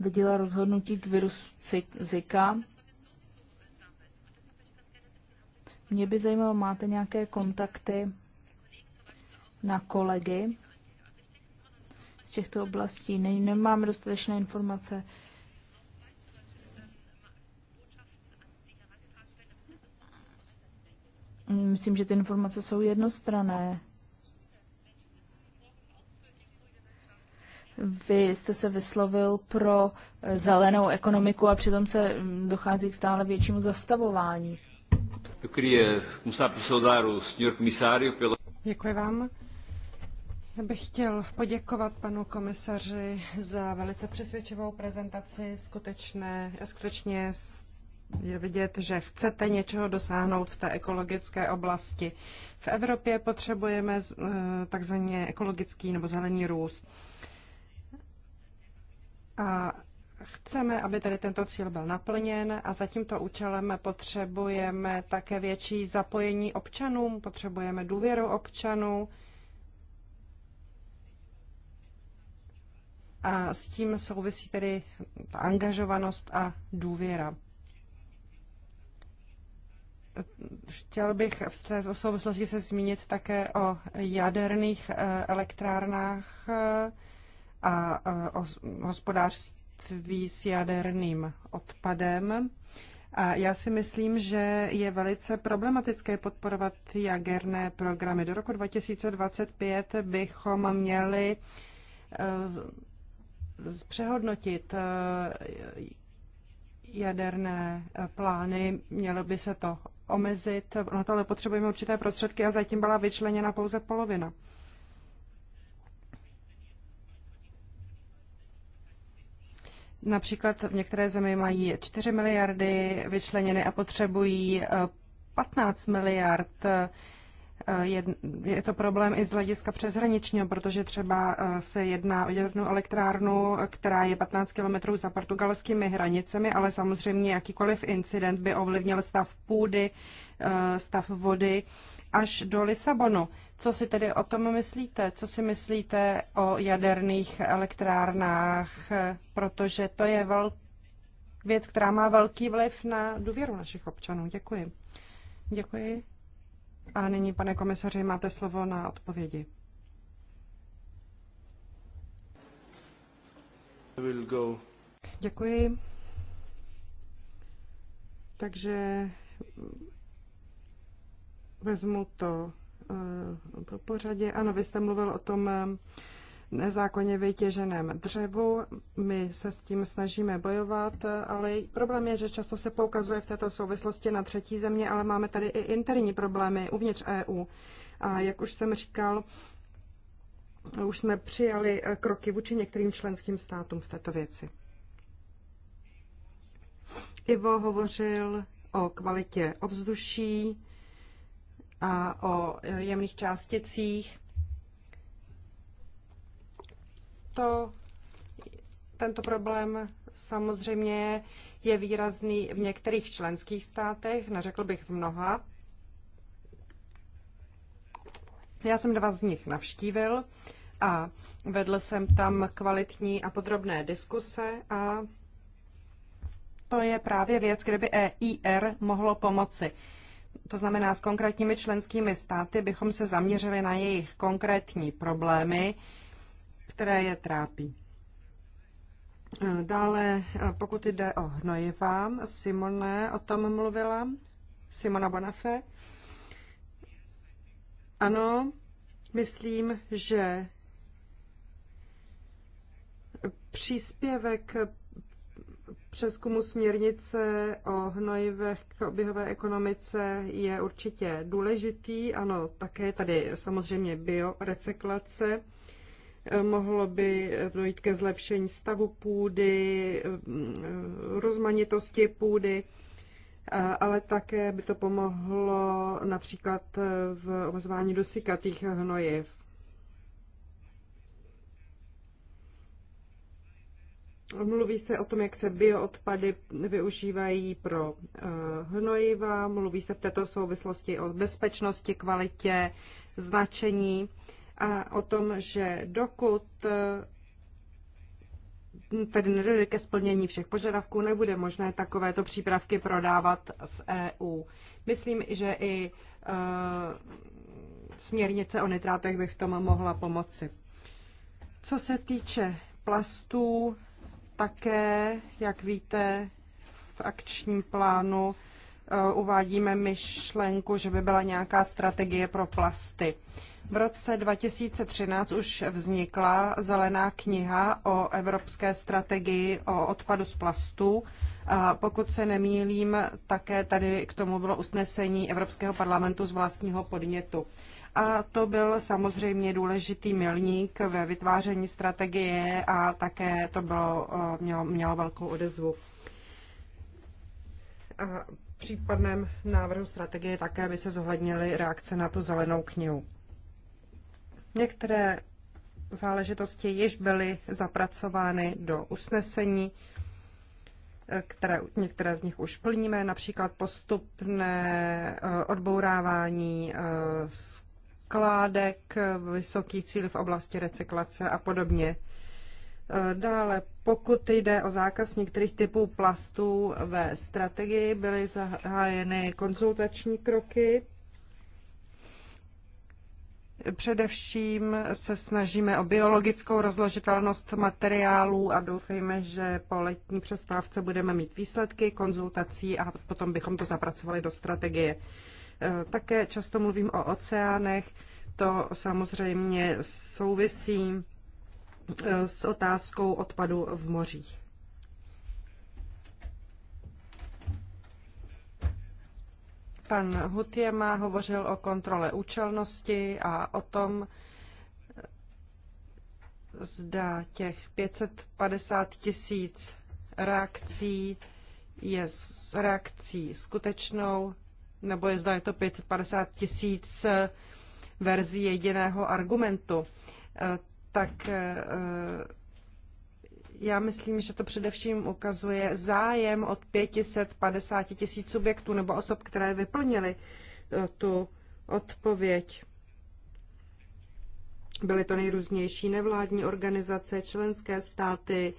viděla rozhodnutí k virusu Zika. Mě by zajímalo, máte nějaké kontakty na kolegy z těchto oblastí. Ne, nemám dostatečné informace. Myslím, že ty informace jsou jednostrané. Vy jste se vyslovil pro eh, zelenou ekonomiku a přitom se mm, dochází k stále většímu zastavování. Děkuji vám. Já bych chtěl poděkovat panu komisaři za velice přesvědčivou prezentaci. Skutečné, skutečně je vidět, že chcete něčeho dosáhnout v té ekologické oblasti. V Evropě potřebujeme eh, takzvaně ekologický nebo zelený růst. A chceme, aby tady tento cíl byl naplněn a za tímto účelem potřebujeme také větší zapojení občanů, potřebujeme důvěru občanů, a s tím souvisí tedy ta angažovanost a důvěra. Chtěl bych v této souvislosti se zmínit také o jaderných eh, elektrárnách eh, a eh, o hospodářství s jaderným odpadem. A já si myslím, že je velice problematické podporovat jaderné programy. Do roku 2025 bychom měli přehodnotit eh, jaderné eh, plány, mělo by se to omezit. Na ale potřebujeme určité prostředky a zatím byla vyčleněna pouze polovina. Například v některé zemi mají 4 miliardy vyčleněny a potřebují 15 eh, miliard. Eh, je to problém i z hlediska přeshraničního, protože třeba eh, se jedná o jednu elektrárnu, která je 15 kilometrů za portugalskými hranicemi, ale samozřejmě jakýkoliv incident by ovlivnil stav půdy, eh, stav vody až do Lisabonu. Co si tedy o tom myslíte? Co si myslíte o jaderných elektrárnách? Protože to je věc, která má velký vliv na důvěru našich občanů. Děkuji. Děkuji. A nyní, pane komisaři, máte slovo na odpovědi. Děkuji. Takže vezmu to eh, po pořadě. Ano, vy jste mluvil o tom eh, nezákonně vytěženém dřevu. My se s tím snažíme bojovat, ale problém je, že často se poukazuje v této souvislosti na třetí země, ale máme tady i interní problémy uvnitř EU. A jak už jsem říkal, už jsme přijali eh, kroky vůči některým členským státům v této věci. Ivo hovořil o kvalitě ovzduší a o eh, jemných částicích. to, tento problém samozřejmě je výrazný v některých členských státech, neřekl bych v mnoha. Já jsem dva z nich navštívil a vedl jsem tam kvalitní a podrobné diskuse a to je právě věc, kde by EIR mohlo pomoci. To znamená, s konkrétními členskými státy bychom se zaměřili na jejich konkrétní problémy, které je trápí. Eh, dále, eh, pokud jde o hnojiva, Simone o tom mluvila, Simona Bonafé. Ano, myslím, že příspěvek přeskumu směrnice o hnojivech k oběhové ekonomice je určitě důležitý. Ano, také tady samozřejmě biorecyklace mohlo by dojít ke zlepšení stavu půdy, rozmanitosti půdy, ale také by to pomohlo například v omezování dosykatých hnojiv. Mluví se o tom, jak se bioodpady využívají pro e, hnojiva, mluví se v této souvislosti o bezpečnosti, kvalitě, značení a o tom, že dokud eh, tedy nedojde ke splnění všech požadavků, nebude možné takovéto přípravky prodávat v EU. Myslím, že i eh, směrnice o nitrátech by v tom mohla pomoci. Co se týče plastů, také, jak víte, v akčním plánu eh, uvádíme myšlenku, že by byla nějaká strategie pro plasty. V roce 2013 už vznikla zelená kniha o evropské strategii o odpadu z plastů. A pokud se nemýlím, také tady k tomu bylo usnesení Evropského parlamentu z vlastního podnětu. A to byl samozřejmě důležitý milník ve vytváření strategie a také to bylo, eh, mělo, mělo velkou odezvu. A v případném návrhu strategie také by se zohlednily reakce na tu zelenou knihu. Některé záležitosti již byly zapracovány do usnesení, které, některé z nich už plníme, například postupné eh, odbourávání eh, skládek, vysoký cíl v oblasti recyklace a podobně. Eh, dále, pokud jde o zákaz některých typů plastů ve strategii, byly zahájeny konzultační kroky Především se snažíme o biologickou rozložitelnost materiálů a doufejme, že po letní přestávce budeme mít výsledky konzultací a potom bychom to zapracovali do strategie. E, také často mluvím o oceánech, to samozřejmě souvisí e, s otázkou odpadu v mořích. Pan Hutěma hovořil o kontrole účelnosti a o tom, zda těch 550 tisíc reakcí je s reakcí skutečnou, nebo je zda je to 550 tisíc verzí jediného argumentu. Eh, tak eh, já myslím, že to především ukazuje zájem od 550 tisíc subjektů nebo osob, které vyplnili eh, tu odpověď. Byly to nejrůznější nevládní organizace, členské státy.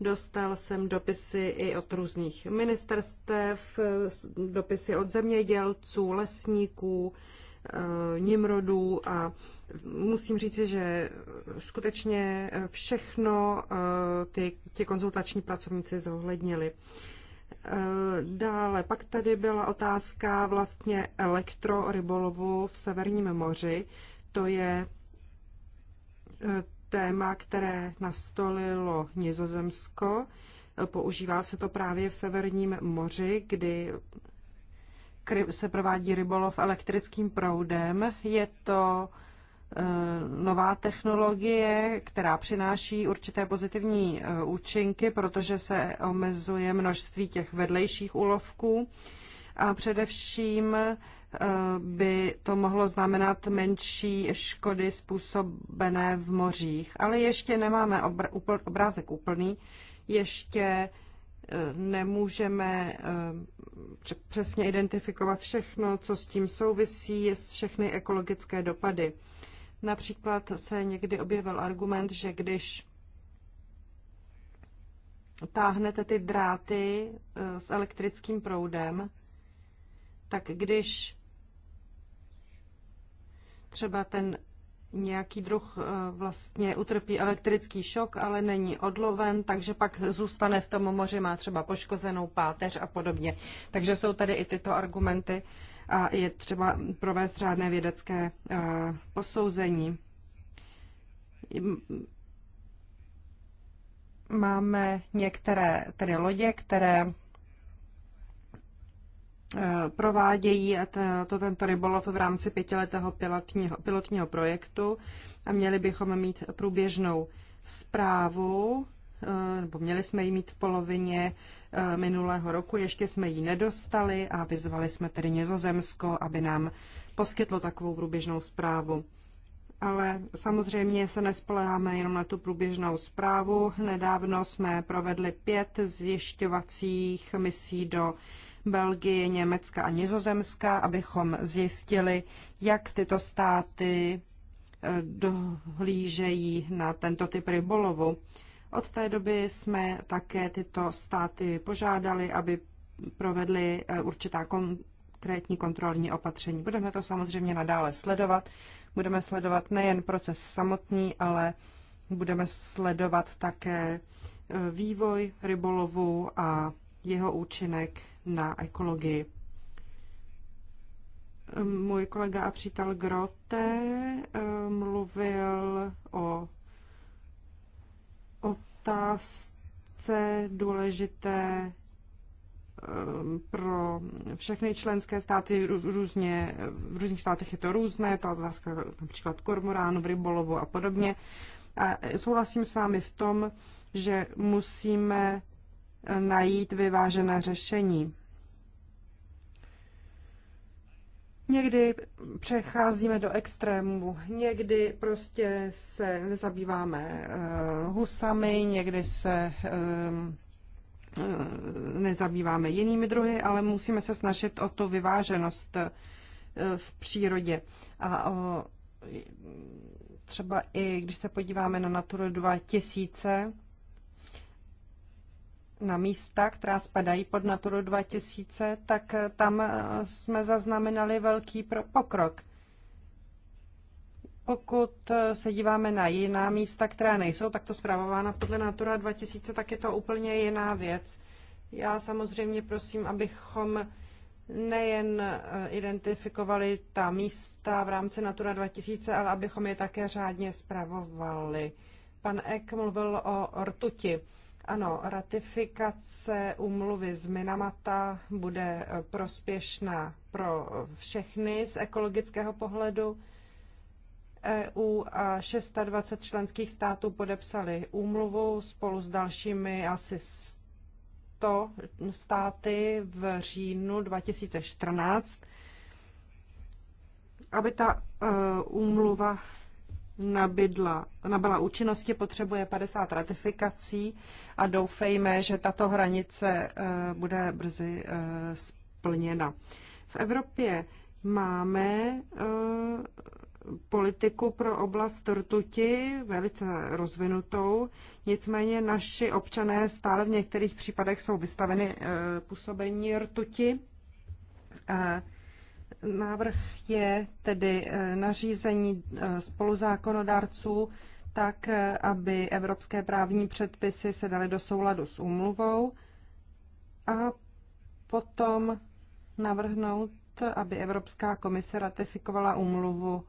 Dostal jsem dopisy i od různých ministerstev, dopisy od zemědělců, lesníků, Eh, Nimrodů a musím říci, že skutečně všechno eh, ty, ty konzultační pracovníci zohlednili. Eh, dále pak tady byla otázka vlastně elektrorybolovu v Severním moři. To je téma, které nastolilo Nizozemsko. Používá se to právě v Severním moři, kdy se provádí rybolov elektrickým proudem. Je to e, nová technologie, která přináší určité pozitivní e, účinky, protože se omezuje množství těch vedlejších úlovků a především e, by to mohlo znamenat menší škody způsobené v mořích. Ale ještě nemáme obrázek úplný, ještě nemůžeme eh, přesně identifikovat všechno, co s tím souvisí, všechny ekologické dopady. Například se někdy objevil argument, že když táhnete ty dráty eh, s elektrickým proudem, tak když třeba ten nějaký druh eh, vlastně utrpí elektrický šok, ale není odloven, takže pak zůstane v tom moři, má třeba poškozenou páteř a podobně. Takže jsou tady i tyto argumenty a je třeba provést řádné vědecké eh, posouzení. Máme některé tedy lodě, které Eh, provádějí to, tento rybolov v rámci pětiletého pilotního, pilotního projektu a měli bychom mít průběžnou zprávu, eh, nebo měli jsme ji mít v polovině eh, minulého roku, ještě jsme ji nedostali a vyzvali jsme tedy Nězozemsko, aby nám poskytlo takovou průběžnou zprávu. Ale samozřejmě se nespoléháme jenom na tu průběžnou zprávu. Nedávno jsme provedli pět zjišťovacích misí do Belgie, Německa a Nizozemska, abychom zjistili, jak tyto státy eh, dohlížejí na tento typ rybolovu. Od té doby jsme také tyto státy požádali, aby provedli eh, určitá konkrétní kontrolní opatření. Budeme to samozřejmě nadále sledovat. Budeme sledovat nejen proces samotný, ale budeme sledovat také eh, vývoj rybolovu a jeho účinek na ekologii. Můj kolega a přítel Grote eh, mluvil o otázce důležité eh, pro všechny členské státy různě, v různých státech je to různé, to otázka například kormoránu, v rybolovu a podobně. A souhlasím s vámi v tom, že musíme najít vyvážené řešení. Někdy přecházíme do extrému, někdy prostě se zabýváme eh, husami, někdy se eh, eh, nezabýváme jinými druhy, ale musíme se snažit o tu vyváženost v přírodě. A o, třeba i když se podíváme na Naturu 2000, na místa, která spadají pod Naturu 2000, tak eh, tam eh, jsme zaznamenali velký pokrok. Pokud eh, se díváme na jiná místa, která nejsou takto zpravována podle Natura 2000, tak je to úplně jiná věc. Já samozřejmě prosím, abychom nejen identifikovali ta místa v rámci Natura 2000, ale abychom je také řádně zpravovali. Pan Ek mluvil o rtuti. Ano, ratifikace úmluvy z Minamata bude eh, prospěšná pro všechny z ekologického pohledu. EU a 26 členských států podepsali úmluvu spolu s dalšími asi 100 státy v říjnu 2014, aby ta eh, úmluva nabydla, nabyla účinnosti, potřebuje 50 ratifikací a doufejme, že tato hranice eh, bude brzy eh, splněna. V Evropě máme eh, politiku pro oblast rtuti velice rozvinutou, nicméně naši občané stále v některých případech jsou vystaveny působení rtuti. Návrh je tedy eh, nařízení eh, spoluzákonodárců tak, eh, aby evropské právní předpisy se daly do souladu s úmluvou a potom navrhnout, aby Evropská komise ratifikovala úmluvu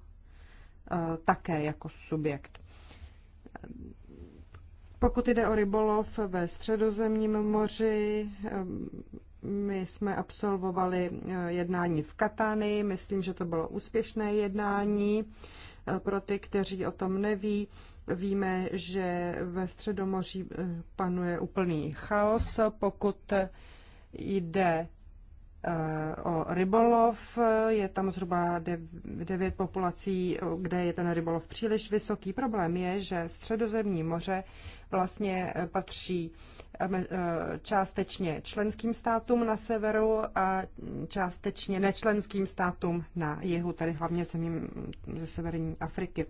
také jako subjekt. Pokud jde o rybolov ve středozemním moři, my jsme absolvovali eh, jednání v Katany, myslím, že to bylo úspěšné jednání. Eh, pro ty, kteří o tom neví, víme, že ve Středomoří eh, panuje úplný chaos, pokud jde o rybolov. Je tam zhruba devět populací, kde je ten rybolov příliš vysoký. Problém je, že středozemní moře vlastně eh, patří eh, eh, částečně členským státům na severu a částečně nečlenským státům na jihu, tedy hlavně zemím ze severní Afriky.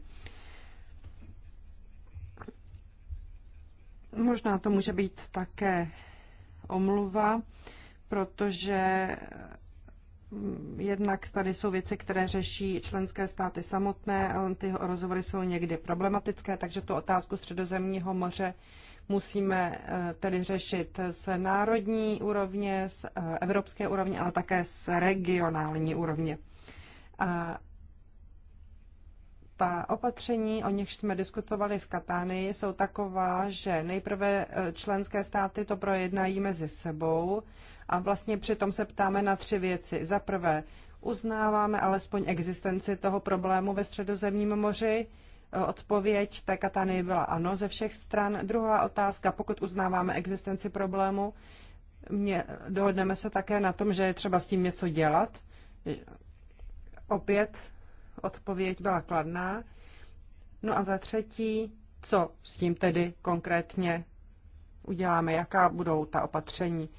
Možná to může být také omluva, protože Jednak tady jsou věci, které řeší členské státy samotné, ale ty rozhovory jsou někdy problematické, takže tu otázku středozemního moře musíme eh, tedy řešit z národní úrovně, z eh, evropské úrovně, ale také z regionální úrovně. A ta opatření, o nichž jsme diskutovali v Katánii, jsou taková, že nejprve eh, členské státy to projednají mezi sebou a vlastně přitom se ptáme na tři věci. Za prvé, uznáváme alespoň existenci toho problému ve středozemním moři? Odpověď té katany byla ano ze všech stran. Druhá otázka, pokud uznáváme existenci problému, mě, dohodneme se také na tom, že je třeba s tím něco dělat. Opět odpověď byla kladná. No a za třetí, co s tím tedy konkrétně uděláme, jaká budou ta opatření.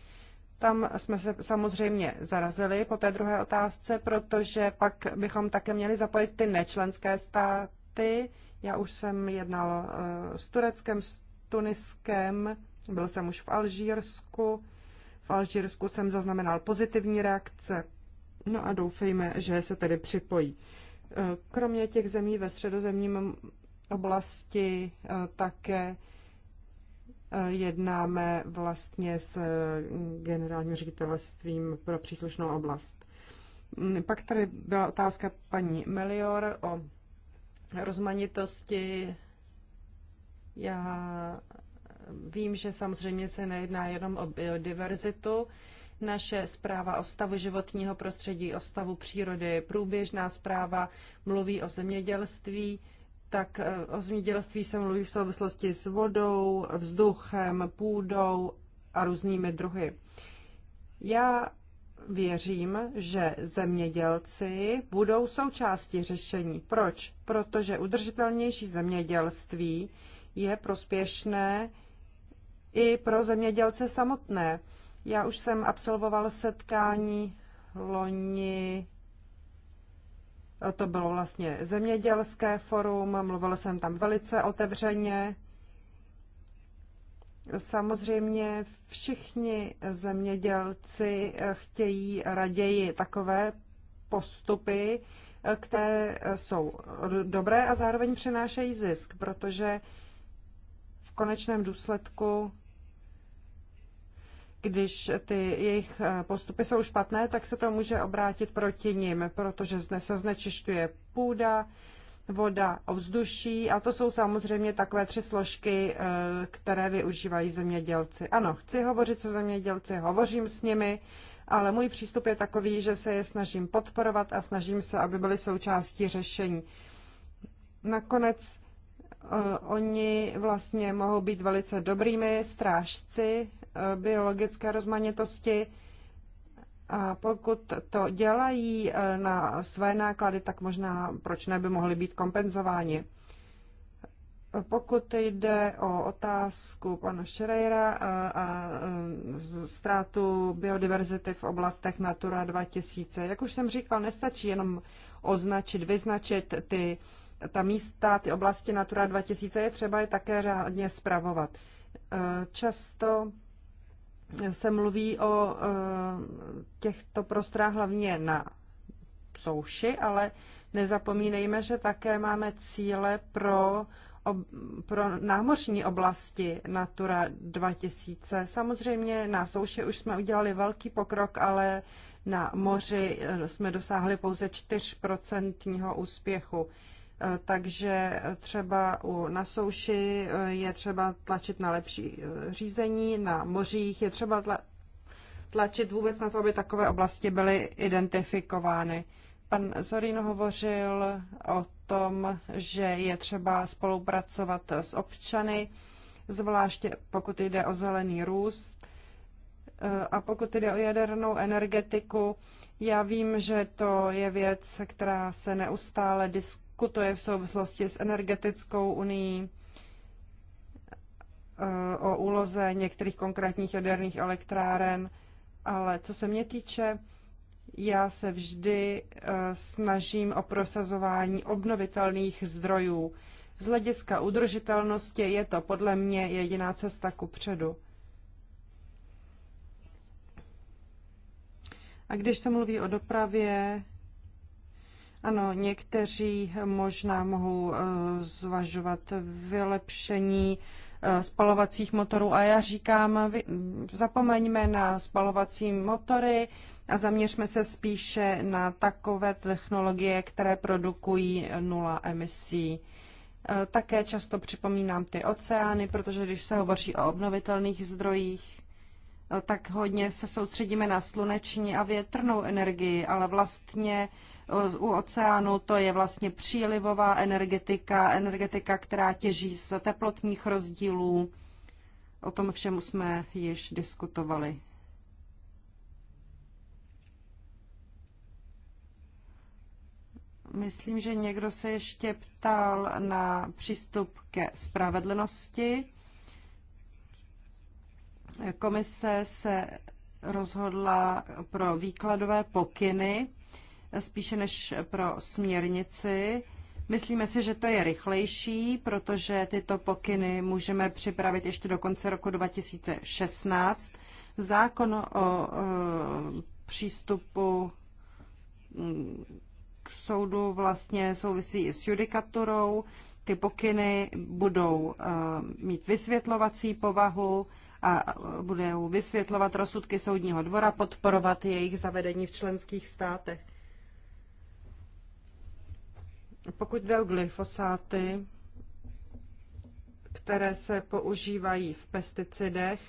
Tam jsme se samozřejmě zarazili po té druhé otázce, protože pak bychom také měli zapojit ty nečlenské státy. Já už jsem jednal eh, s Tureckem, s Tuniskem, byl jsem už v Alžírsku. V Alžírsku jsem zaznamenal pozitivní reakce. No a doufejme, že se tedy připojí. Eh, kromě těch zemí ve středozemním oblasti eh, také jednáme vlastně s eh, generálním ředitelstvím pro příslušnou oblast. Mm, pak tady byla otázka paní Melior o rozmanitosti. Já vím, že samozřejmě se nejedná jenom o biodiverzitu. Naše zpráva o stavu životního prostředí, o stavu přírody, průběžná zpráva mluví o zemědělství tak eh, o zemědělství se mluví v souvislosti s vodou, vzduchem, půdou a různými druhy. Já věřím, že zemědělci budou součástí řešení. Proč? Protože udržitelnější zemědělství je prospěšné i pro zemědělce samotné. Já už jsem absolvoval setkání loni to bylo vlastně zemědělské forum, mluvil jsem tam velice otevřeně. Samozřejmě všichni zemědělci eh, chtějí raději takové postupy, eh, které jsou dobré a zároveň přinášejí zisk, protože v konečném důsledku když ty jejich eh, postupy jsou špatné, tak se to může obrátit proti nim, protože se znečišťuje půda, voda, ovzduší a to jsou samozřejmě takové tři složky, eh, které využívají zemědělci. Ano, chci hovořit se zemědělci, hovořím s nimi, ale můj přístup je takový, že se je snažím podporovat a snažím se, aby byly součástí řešení. Nakonec eh, oni vlastně mohou být velice dobrými strážci biologické rozmanitosti. A pokud to dělají eh, na své náklady, tak možná proč ne by mohly být kompenzováni. Pokud jde o otázku pana Šerejra eh, a, a eh, ztrátu biodiverzity v oblastech Natura 2000, jak už jsem říkal, nestačí jenom označit, vyznačit ty, ta místa, ty oblasti Natura 2000, je třeba je také řádně spravovat. Často se mluví o e, těchto prostorách hlavně na souši, ale nezapomínejme, že také máme cíle pro, ob, pro námořní oblasti Natura 2000. Samozřejmě na souši už jsme udělali velký pokrok, ale na moři e, jsme dosáhli pouze 4% úspěchu. Eh, takže třeba u, na souši eh, je třeba tlačit na lepší eh, řízení, na mořích je třeba tlačit vůbec na to, aby takové oblasti byly identifikovány. Pan Zorín hovořil o tom, že je třeba spolupracovat s občany, zvláště pokud jde o zelený růst a pokud jde o jadernou energetiku, já vím, že to je věc, která se neustále diskutuje to je v souvislosti s energetickou unii eh, o úloze některých konkrétních jaderných elektráren, ale co se mě týče, já se vždy eh, snažím o prosazování obnovitelných zdrojů. Z hlediska udržitelnosti je to podle mě jediná cesta ku předu. A když se mluví o dopravě, ano, někteří možná mohou eh, zvažovat vylepšení eh, spalovacích motorů a já říkám, zapomeňme na spalovací motory a zaměřme se spíše na takové technologie, které produkují nula emisí. Eh, také často připomínám ty oceány, protože když se hovoří o obnovitelných zdrojích, tak hodně se soustředíme na sluneční a větrnou energii, ale vlastně Eh, u oceánu, to je vlastně přílivová energetika, energetika, která těží z teplotních rozdílů. O tom všem jsme již diskutovali. Myslím, že někdo se ještě ptal na přístup ke spravedlnosti. Komise se rozhodla pro výkladové pokyny spíše než pro směrnici. Myslíme si, že to je rychlejší, protože tyto pokyny můžeme připravit ještě do konce roku 2016. Zákon o, o e, přístupu mm, k soudu vlastně souvisí i s judikaturou. Ty pokyny budou e, mít vysvětlovací povahu a budou vysvětlovat rozsudky soudního dvora, podporovat jejich zavedení v členských státech. Pokud jde o glyfosáty, které se používají v pesticidech,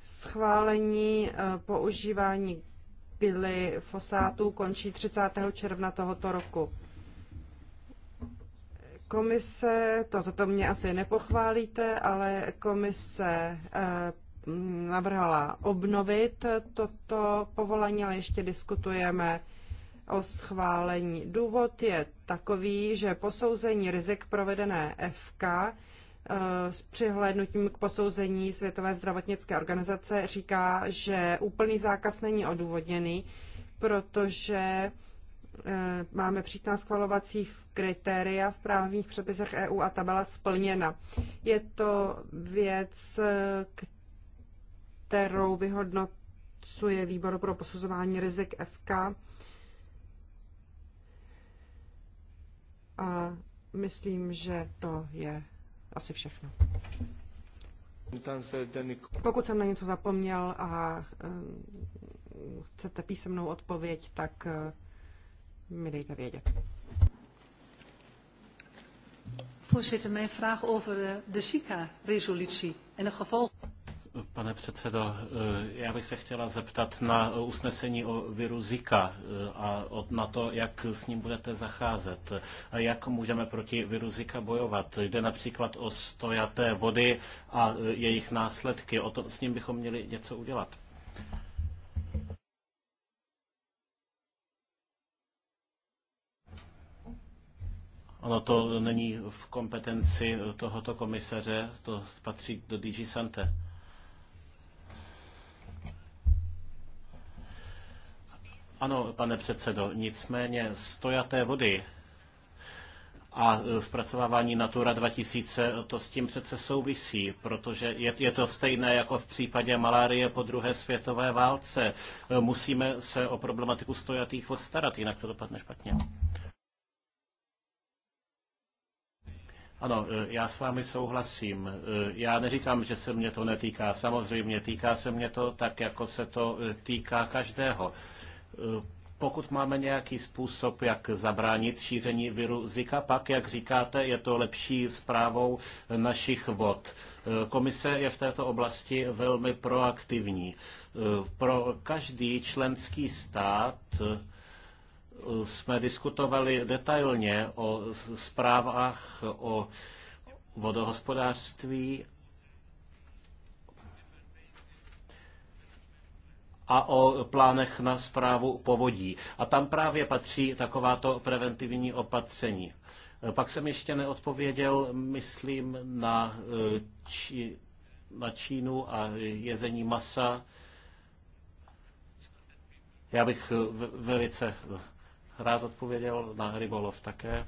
schválení eh, používání glyfosátů končí 30. června tohoto roku. Komise, to, za to mě asi nepochválíte, ale komise eh, navrhla obnovit toto povolení, ale ještě diskutujeme o schválení. Důvod je takový, že posouzení rizik provedené FK eh, s přihlédnutím k posouzení Světové zdravotnické organizace říká, že úplný zákaz není odůvodněný, protože eh, máme přítná schvalovací kritéria v právních předpisech EU a ta byla splněna. Je to věc, kterou vyhodnocuje výbor pro posuzování rizik FK A myslím, že to je asi všechno. Pokud jsem na něco zapomněl a um, chcete písemnou odpověď, tak uh, mi dejte vědět. Voorzitter, mijn vraag over uh, de, de SICA-resolutie en de gevolgen. Pane předsedo, eh, já bych se chtěla zeptat na usnesení o viru Zika eh, a na to, jak s ním budete zacházet a jak můžeme proti viru Zika bojovat. Jde například o stojaté vody a eh, jejich následky. O to, s ním bychom měli něco udělat. Ono to není v kompetenci tohoto komisaře, to patří do DG Sante. Ano, pane předsedo, nicméně stojaté vody a e, zpracovávání Natura 2000, to s tím přece souvisí, protože je, je to stejné jako v případě malárie po druhé světové válce. E, musíme se o problematiku stojatých vod starat, jinak to dopadne špatně. Ano, e, já s vámi souhlasím. Já neříkám, že se mě to netýká. Samozřejmě týká se mě to tak, jako se to týká každého pokud máme nějaký způsob, jak zabránit šíření viru Zika, pak, jak říkáte, je to lepší zprávou našich vod. Komise je v této oblasti velmi proaktivní. Pro každý členský stát eh, jsme diskutovali detailně o zprávách o vodohospodářství a o plánech na zprávu povodí. A tam právě patří takováto preventivní opatření. Pak jsem ještě neodpověděl, myslím, na, či, na Čínu a jezení masa. Já bych velice rád odpověděl na rybolov také.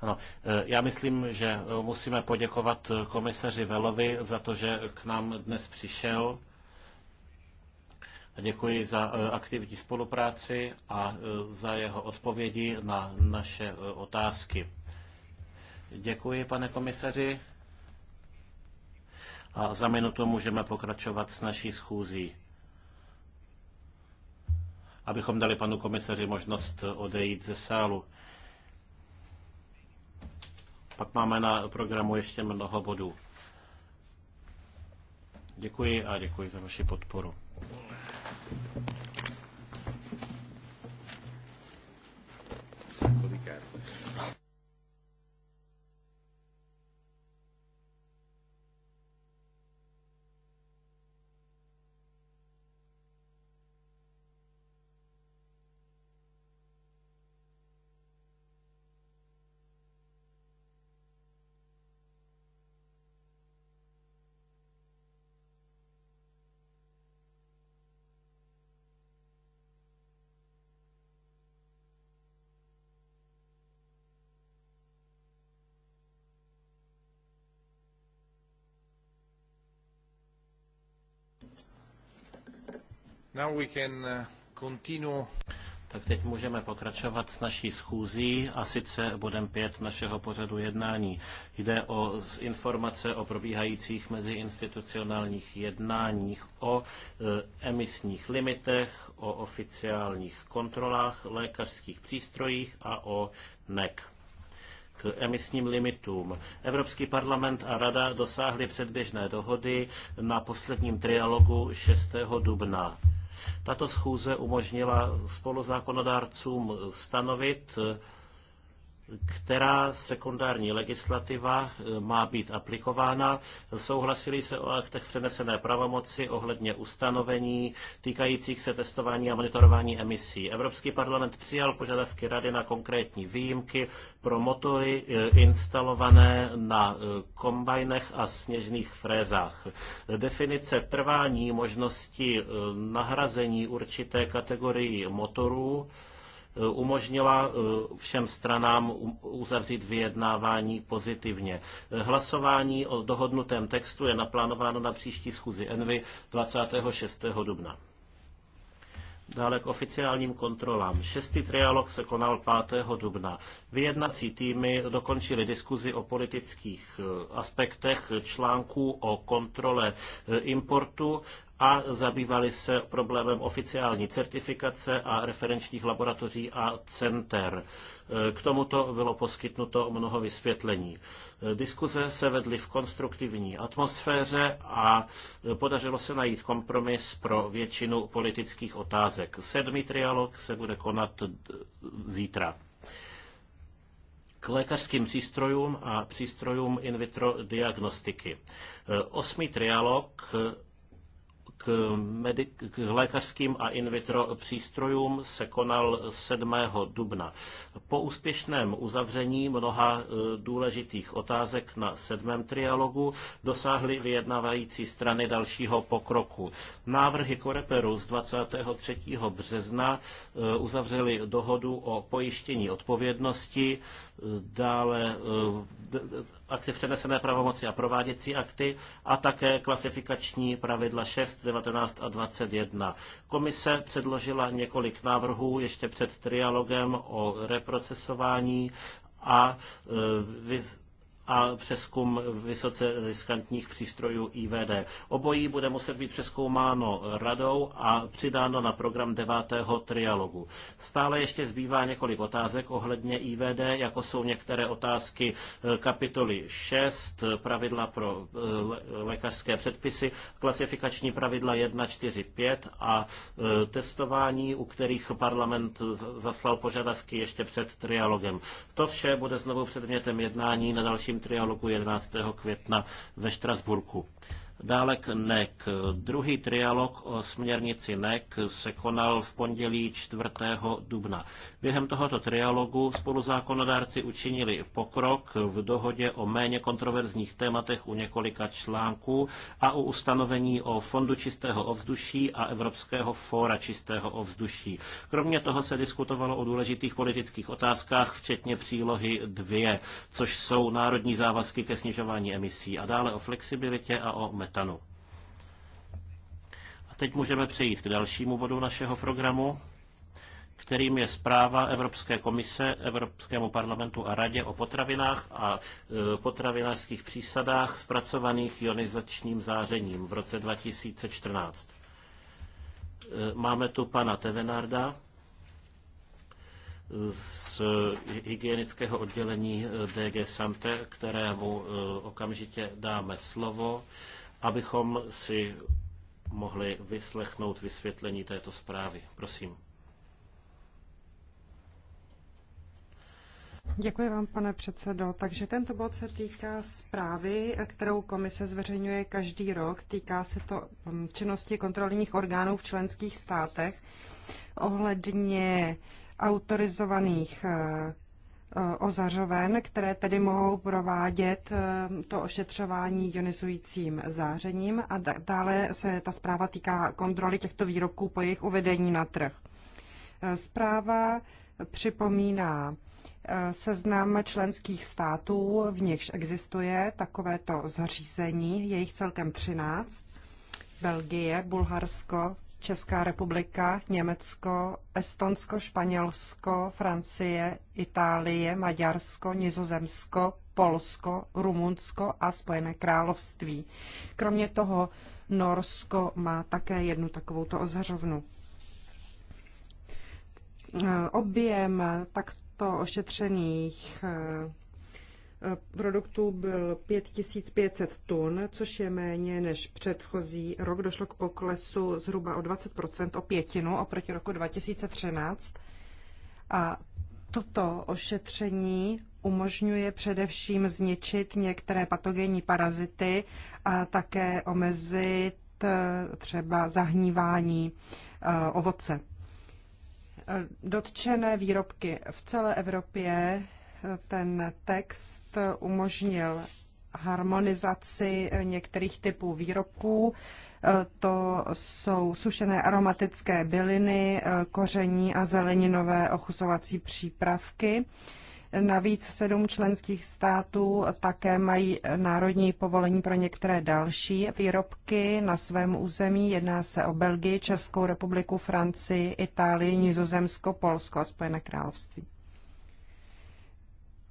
Ano, já myslím, že musíme poděkovat komisaři Velovi za to, že k nám dnes přišel Děkuji za e, aktivní spolupráci a e, za jeho odpovědi na naše e, otázky. Děkuji, pane komisaři. A za minutu můžeme pokračovat s naší schůzí. Abychom dali panu komisaři možnost odejít ze sálu. Pak máme na programu ještě mnoho bodů. Děkuji a děkuji za vaši podporu. Now we can uh, continue. Tak teď můžeme pokračovat s naší schůzí a sice bodem 5 našeho pořadu jednání. Jde o informace o probíhajících meziinstitucionálních jednáních o eh, emisních limitech, o oficiálních kontrolách, lékařských přístrojích a o NEC k emisním limitům. Evropský parlament a rada dosáhly předběžné dohody na posledním trialogu 6. dubna. Tato schůze umožnila spoluzákonodárcům stanovit která sekundární legislativa eh, má být aplikována. Souhlasili se o aktech přenesené pravomoci ohledně ustanovení týkajících se testování a monitorování emisí. Evropský parlament přijal požadavky Rady na konkrétní výjimky pro motory eh, instalované na eh, kombajnech a sněžných frézách. Definice trvání možnosti nahrazení určité kategorii motorů umožnila eh, všem stranám uzavřít vyjednávání pozitivně. Eh, hlasování o dohodnutém textu je naplánováno na příští schůzi Envy 26. dubna. Dále k oficiálním kontrolám. Šestý trialog se konal 5. dubna. Vyjednací týmy dokončily diskuzi o politických eh, aspektech článků o kontrole importu a zabývali se problémem oficiální certifikace a referenčních laboratoří a center. E, k tomuto bylo poskytnuto mnoho vysvětlení. E, diskuze se vedly v konstruktivní atmosféře a podařilo se najít kompromis pro většinu politických otázek. Sedmý trialog se bude konat zítra k lékařským přístrojům a přístrojům in vitro diagnostiky. E, osmý trialog k, medic- k lékařským a in vitro přístrojům se konal 7. dubna. Po úspěšném uzavření mnoha e, důležitých otázek na sedmém trialogu dosáhly vyjednávající strany dalšího pokroku. Návrhy Koreperu z 23. března e, uzavřely dohodu o pojištění odpovědnosti, e, dále akty v přenesené pravomoci a prováděcí akty a také klasifikační pravidla 6, 19 a 21. Komise předložila několik návrhů ještě před trialogem o reprocesování a e, vy a přeskum vysoce riskantních přístrojů IVD. Obojí bude muset být přeskoumáno radou a přidáno na program devátého trialogu. Stále ještě zbývá několik otázek ohledně IVD, jako jsou některé otázky eh, kapitoly 6, pravidla pro eh, lékařské předpisy, klasifikační pravidla 1, 4, 5 a eh, testování, u kterých parlament zaslal požadavky ještě před trialogem. To vše bude znovu předmětem jednání na dalším trialogu 11. května ve Štrasburku. Dále k NEC. Druhý trialog o směrnici NEC se konal v pondělí 4. dubna. Během tohoto trialogu spoluzákonodárci učinili pokrok v dohodě o méně kontroverzních tématech u několika článků a u ustanovení o Fondu čistého ovzduší a Evropského fóra čistého ovzduší. Kromě toho se diskutovalo o důležitých politických otázkách, včetně přílohy 2, což jsou národní závazky ke snižování emisí a dále o flexibilitě a o metodologii metanu. A teď můžeme přejít k dalšímu bodu našeho programu, kterým je zpráva Evropské komise, Evropskému parlamentu a radě o potravinách a e, potravinářských přísadách zpracovaných ionizačním zářením v roce 2014. E, máme tu pana Tevenarda z hygienického oddělení e, DG Sante, kterému okamžitě dáme slovo abychom si mohli vyslechnout vysvětlení této zprávy. Prosím. Děkuji vám, pane předsedo. Takže tento bod se týká zprávy, kterou komise zveřejňuje každý rok. Týká se to mm, činnosti kontrolních orgánů v členských státech ohledně autorizovaných eh, Eh, ozařoven, které tedy mohou provádět eh, to ošetřování ionizujícím zářením a dále se ta zpráva týká kontroly těchto výrobků po jejich uvedení na trh. Eh, zpráva připomíná seznam členských států, v nichž existuje takovéto zařízení, je jich celkem 13, Belgie, Bulharsko, Česká republika, Německo, Estonsko, Španělsko, Francie, Itálie, Maďarsko, Nizozemsko, Polsko, Rumunsko a Spojené království. Kromě toho Norsko má také jednu takovouto ozařovnu. Objem takto ošetřených eh, produktů byl 5500 tun, což je méně než předchozí rok. Došlo k poklesu zhruba o 20 o pětinu oproti roku 2013. A toto ošetření umožňuje především zničit některé patogenní parazity a také omezit eh, třeba zahnívání eh, ovoce. Eh, dotčené výrobky v celé Evropě ten text umožnil harmonizaci některých typů výrobků. To jsou sušené aromatické byliny, koření a zeleninové ochuzovací přípravky. Navíc sedm členských států také mají národní povolení pro některé další výrobky na svém území. Jedná se o Belgii, Českou republiku, Francii, Itálii, Nizozemsko, Polsko a Spojené království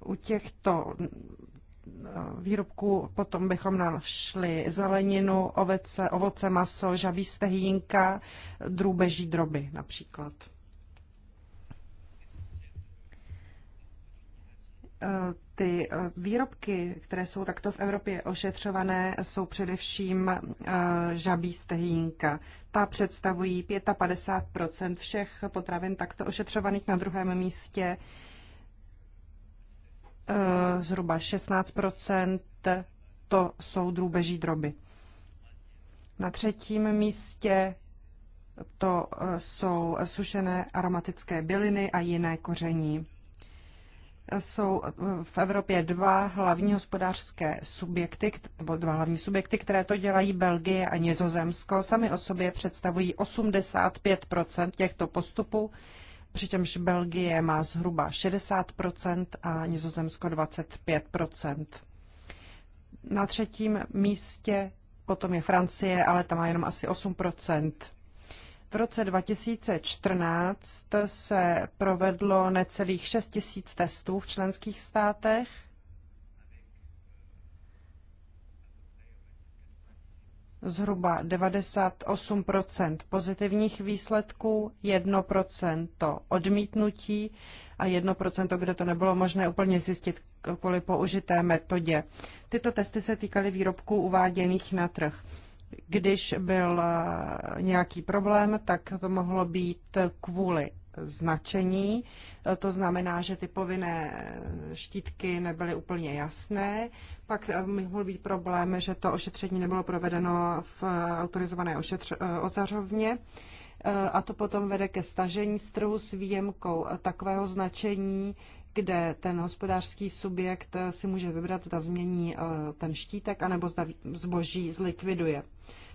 u těchto mm, eh, výrobků potom bychom našli zeleninu, ovece, ovoce, maso, žabí stehínka, drůbeží droby například. Eh, ty eh, výrobky, které jsou takto v Evropě ošetřované, jsou především žabí stehínka. Ta představují 55 všech potravin takto ošetřovaných na druhém místě Eh, zhruba 16 to jsou drůbeží droby. Na třetím místě to eh, jsou sušené aromatické byliny a jiné koření. Jsou eh, v Evropě dva hlavní hospodářské subjekty, nebo dva hlavní subjekty, které to dělají Belgie a Nizozemsko. Sami o sobě představují 85 těchto postupů přičemž Belgie má zhruba 60 a Nizozemsko 25 Na třetím místě potom je Francie, ale tam má jenom asi 8 v roce 2014 se provedlo necelých 6 000 testů v členských státech zhruba 98 pozitivních výsledků, 1 odmítnutí a 1 kde to nebylo možné úplně zjistit kvůli použité metodě. Tyto testy se týkaly výrobků uváděných na trh. Když byl eh, nějaký problém, tak to mohlo být kvůli značení. To znamená, že ty povinné štítky nebyly úplně jasné. Pak eh, mohl být problém, že to ošetření nebylo provedeno v eh, autorizované ošetř, eh, ozařovně a to potom vede ke stažení z trhu s výjemkou takového značení, kde ten hospodářský subjekt si může vybrat, zda změní ten štítek, anebo zda zboží zlikviduje.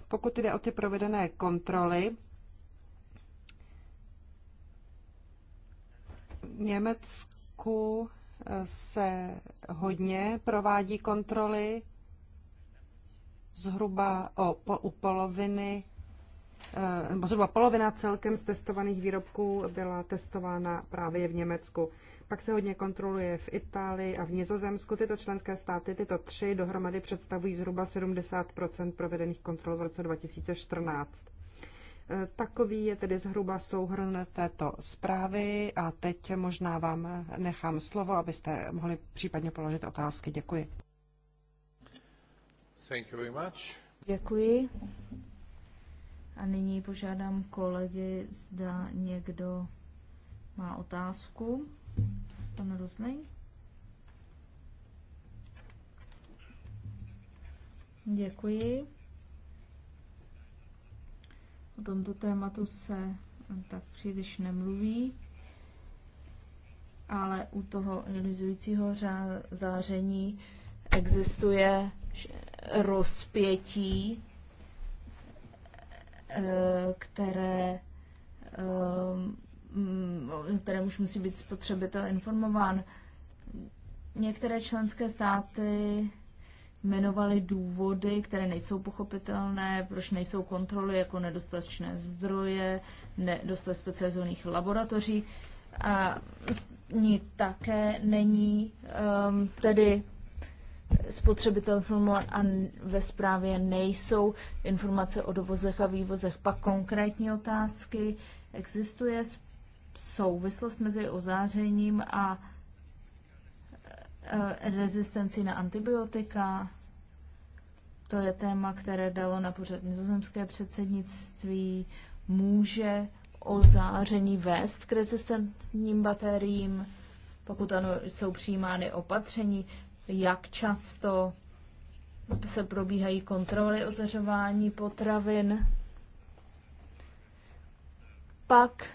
Pokud jde o ty provedené kontroly, Německu eh, se hodně provádí kontroly, zhruba o, po, u poloviny, eh, nebo zhruba polovina celkem z testovaných výrobků byla testována právě v Německu. Pak se hodně kontroluje v Itálii a v Nizozemsku. Tyto členské státy, tyto tři dohromady představují zhruba 70 provedených kontrol v roce 2014. Takový je tedy zhruba souhrn této zprávy a teď možná vám nechám slovo, abyste mohli případně položit otázky. Děkuji. Thank you very much. Děkuji. A nyní požádám kolegy, zda někdo má otázku. Pan Rusnej. Děkuji. O tomto tématu se tak příliš nemluví, ale u toho ionizujícího záření existuje rozpětí, eh, které o eh, kterém už musí být spotřebitel informován. Některé členské státy jmenovali důvody, které nejsou pochopitelné, proč nejsou kontroly, jako nedostatečné zdroje, nedostatek specializovaných laboratoří. A ní také není um, tedy spotřebitel informován a ve zprávě nejsou informace o dovozech a vývozech. Pak konkrétní otázky. Existuje souvislost mezi ozářením a eh, rezistenci na antibiotika? To je téma, které dalo na pořad nizozemské předsednictví. Může o záření vést k rezistentním bateriím, pokud ano, jsou přijímány opatření, jak často se probíhají kontroly zařování potravin. Pak,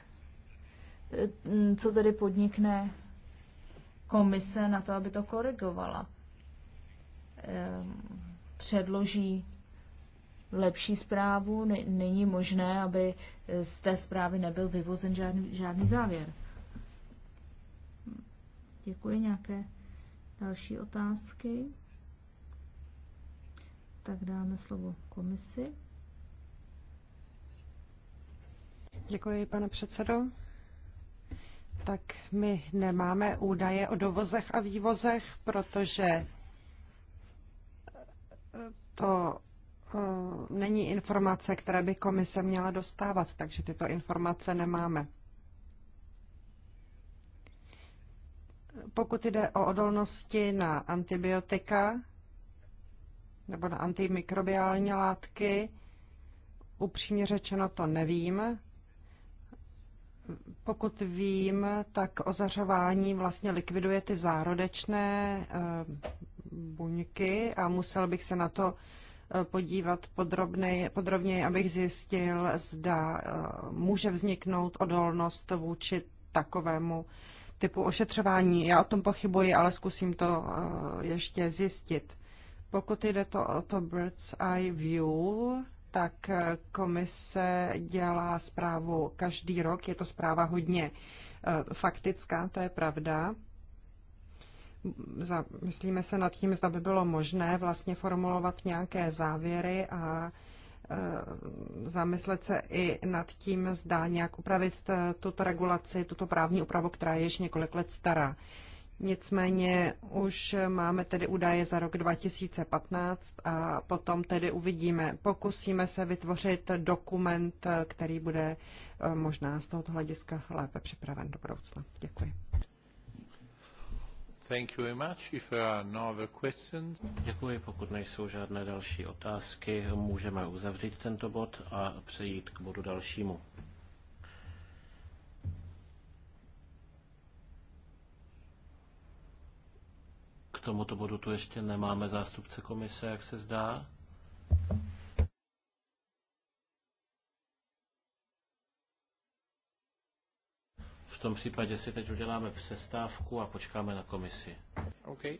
mm, co tedy podnikne komise na to, aby to korigovala? Ehm, předloží lepší zprávu. Není možné, aby z té zprávy nebyl vyvozen žádný, žádný závěr. Děkuji. Nějaké další otázky? Tak dáme slovo komisi. Děkuji, pane předsedo. Tak my nemáme údaje o dovozech a vývozech, protože to eh, není informace, které by komise měla dostávat, takže tyto informace nemáme. Pokud jde o odolnosti na antibiotika nebo na antimikrobiální látky, upřímně řečeno to nevím. Pokud vím, tak ozařování vlastně likviduje ty zárodečné eh, buňky a musel bych se na to eh, podívat podrobněji, abych zjistil, zda eh, může vzniknout odolnost vůči takovému typu ošetřování. Já o tom pochybuji, ale zkusím to eh, ještě zjistit. Pokud jde to o to Bird's Eye View, tak komise dělá zprávu každý rok. Je to zpráva hodně faktická, to je pravda myslíme se nad tím, zda by bylo možné vlastně formulovat nějaké závěry a e, zamyslet se i nad tím, zda nějak upravit tuto regulaci, tuto právní úpravu, která je již několik let stará. Nicméně už máme tedy údaje za rok 2015 a potom tedy uvidíme. Pokusíme se vytvořit dokument, který bude e, možná z tohoto hlediska lépe připraven do budoucna. Děkuji. Thank you very much. If there are no other questions... Děkuji, pokud nejsou žádné další otázky, můžeme uzavřít tento bod a přejít k bodu dalšímu. K tomuto bodu tu ještě nemáme zástupce komise, jak se zdá. V tom případě si teď uděláme přestávku a počkáme na komisi. Okay.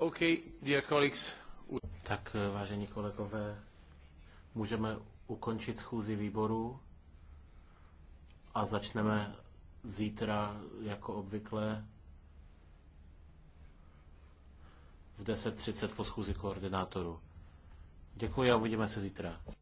Okay, dear colleagues. Tak, eh, vážení kolegové, můžeme ukončit schůzi výboru a začneme zítra, jako obvykle, v 10.30 po schůzi koordinátoru. Děkuji a uvidíme se zítra.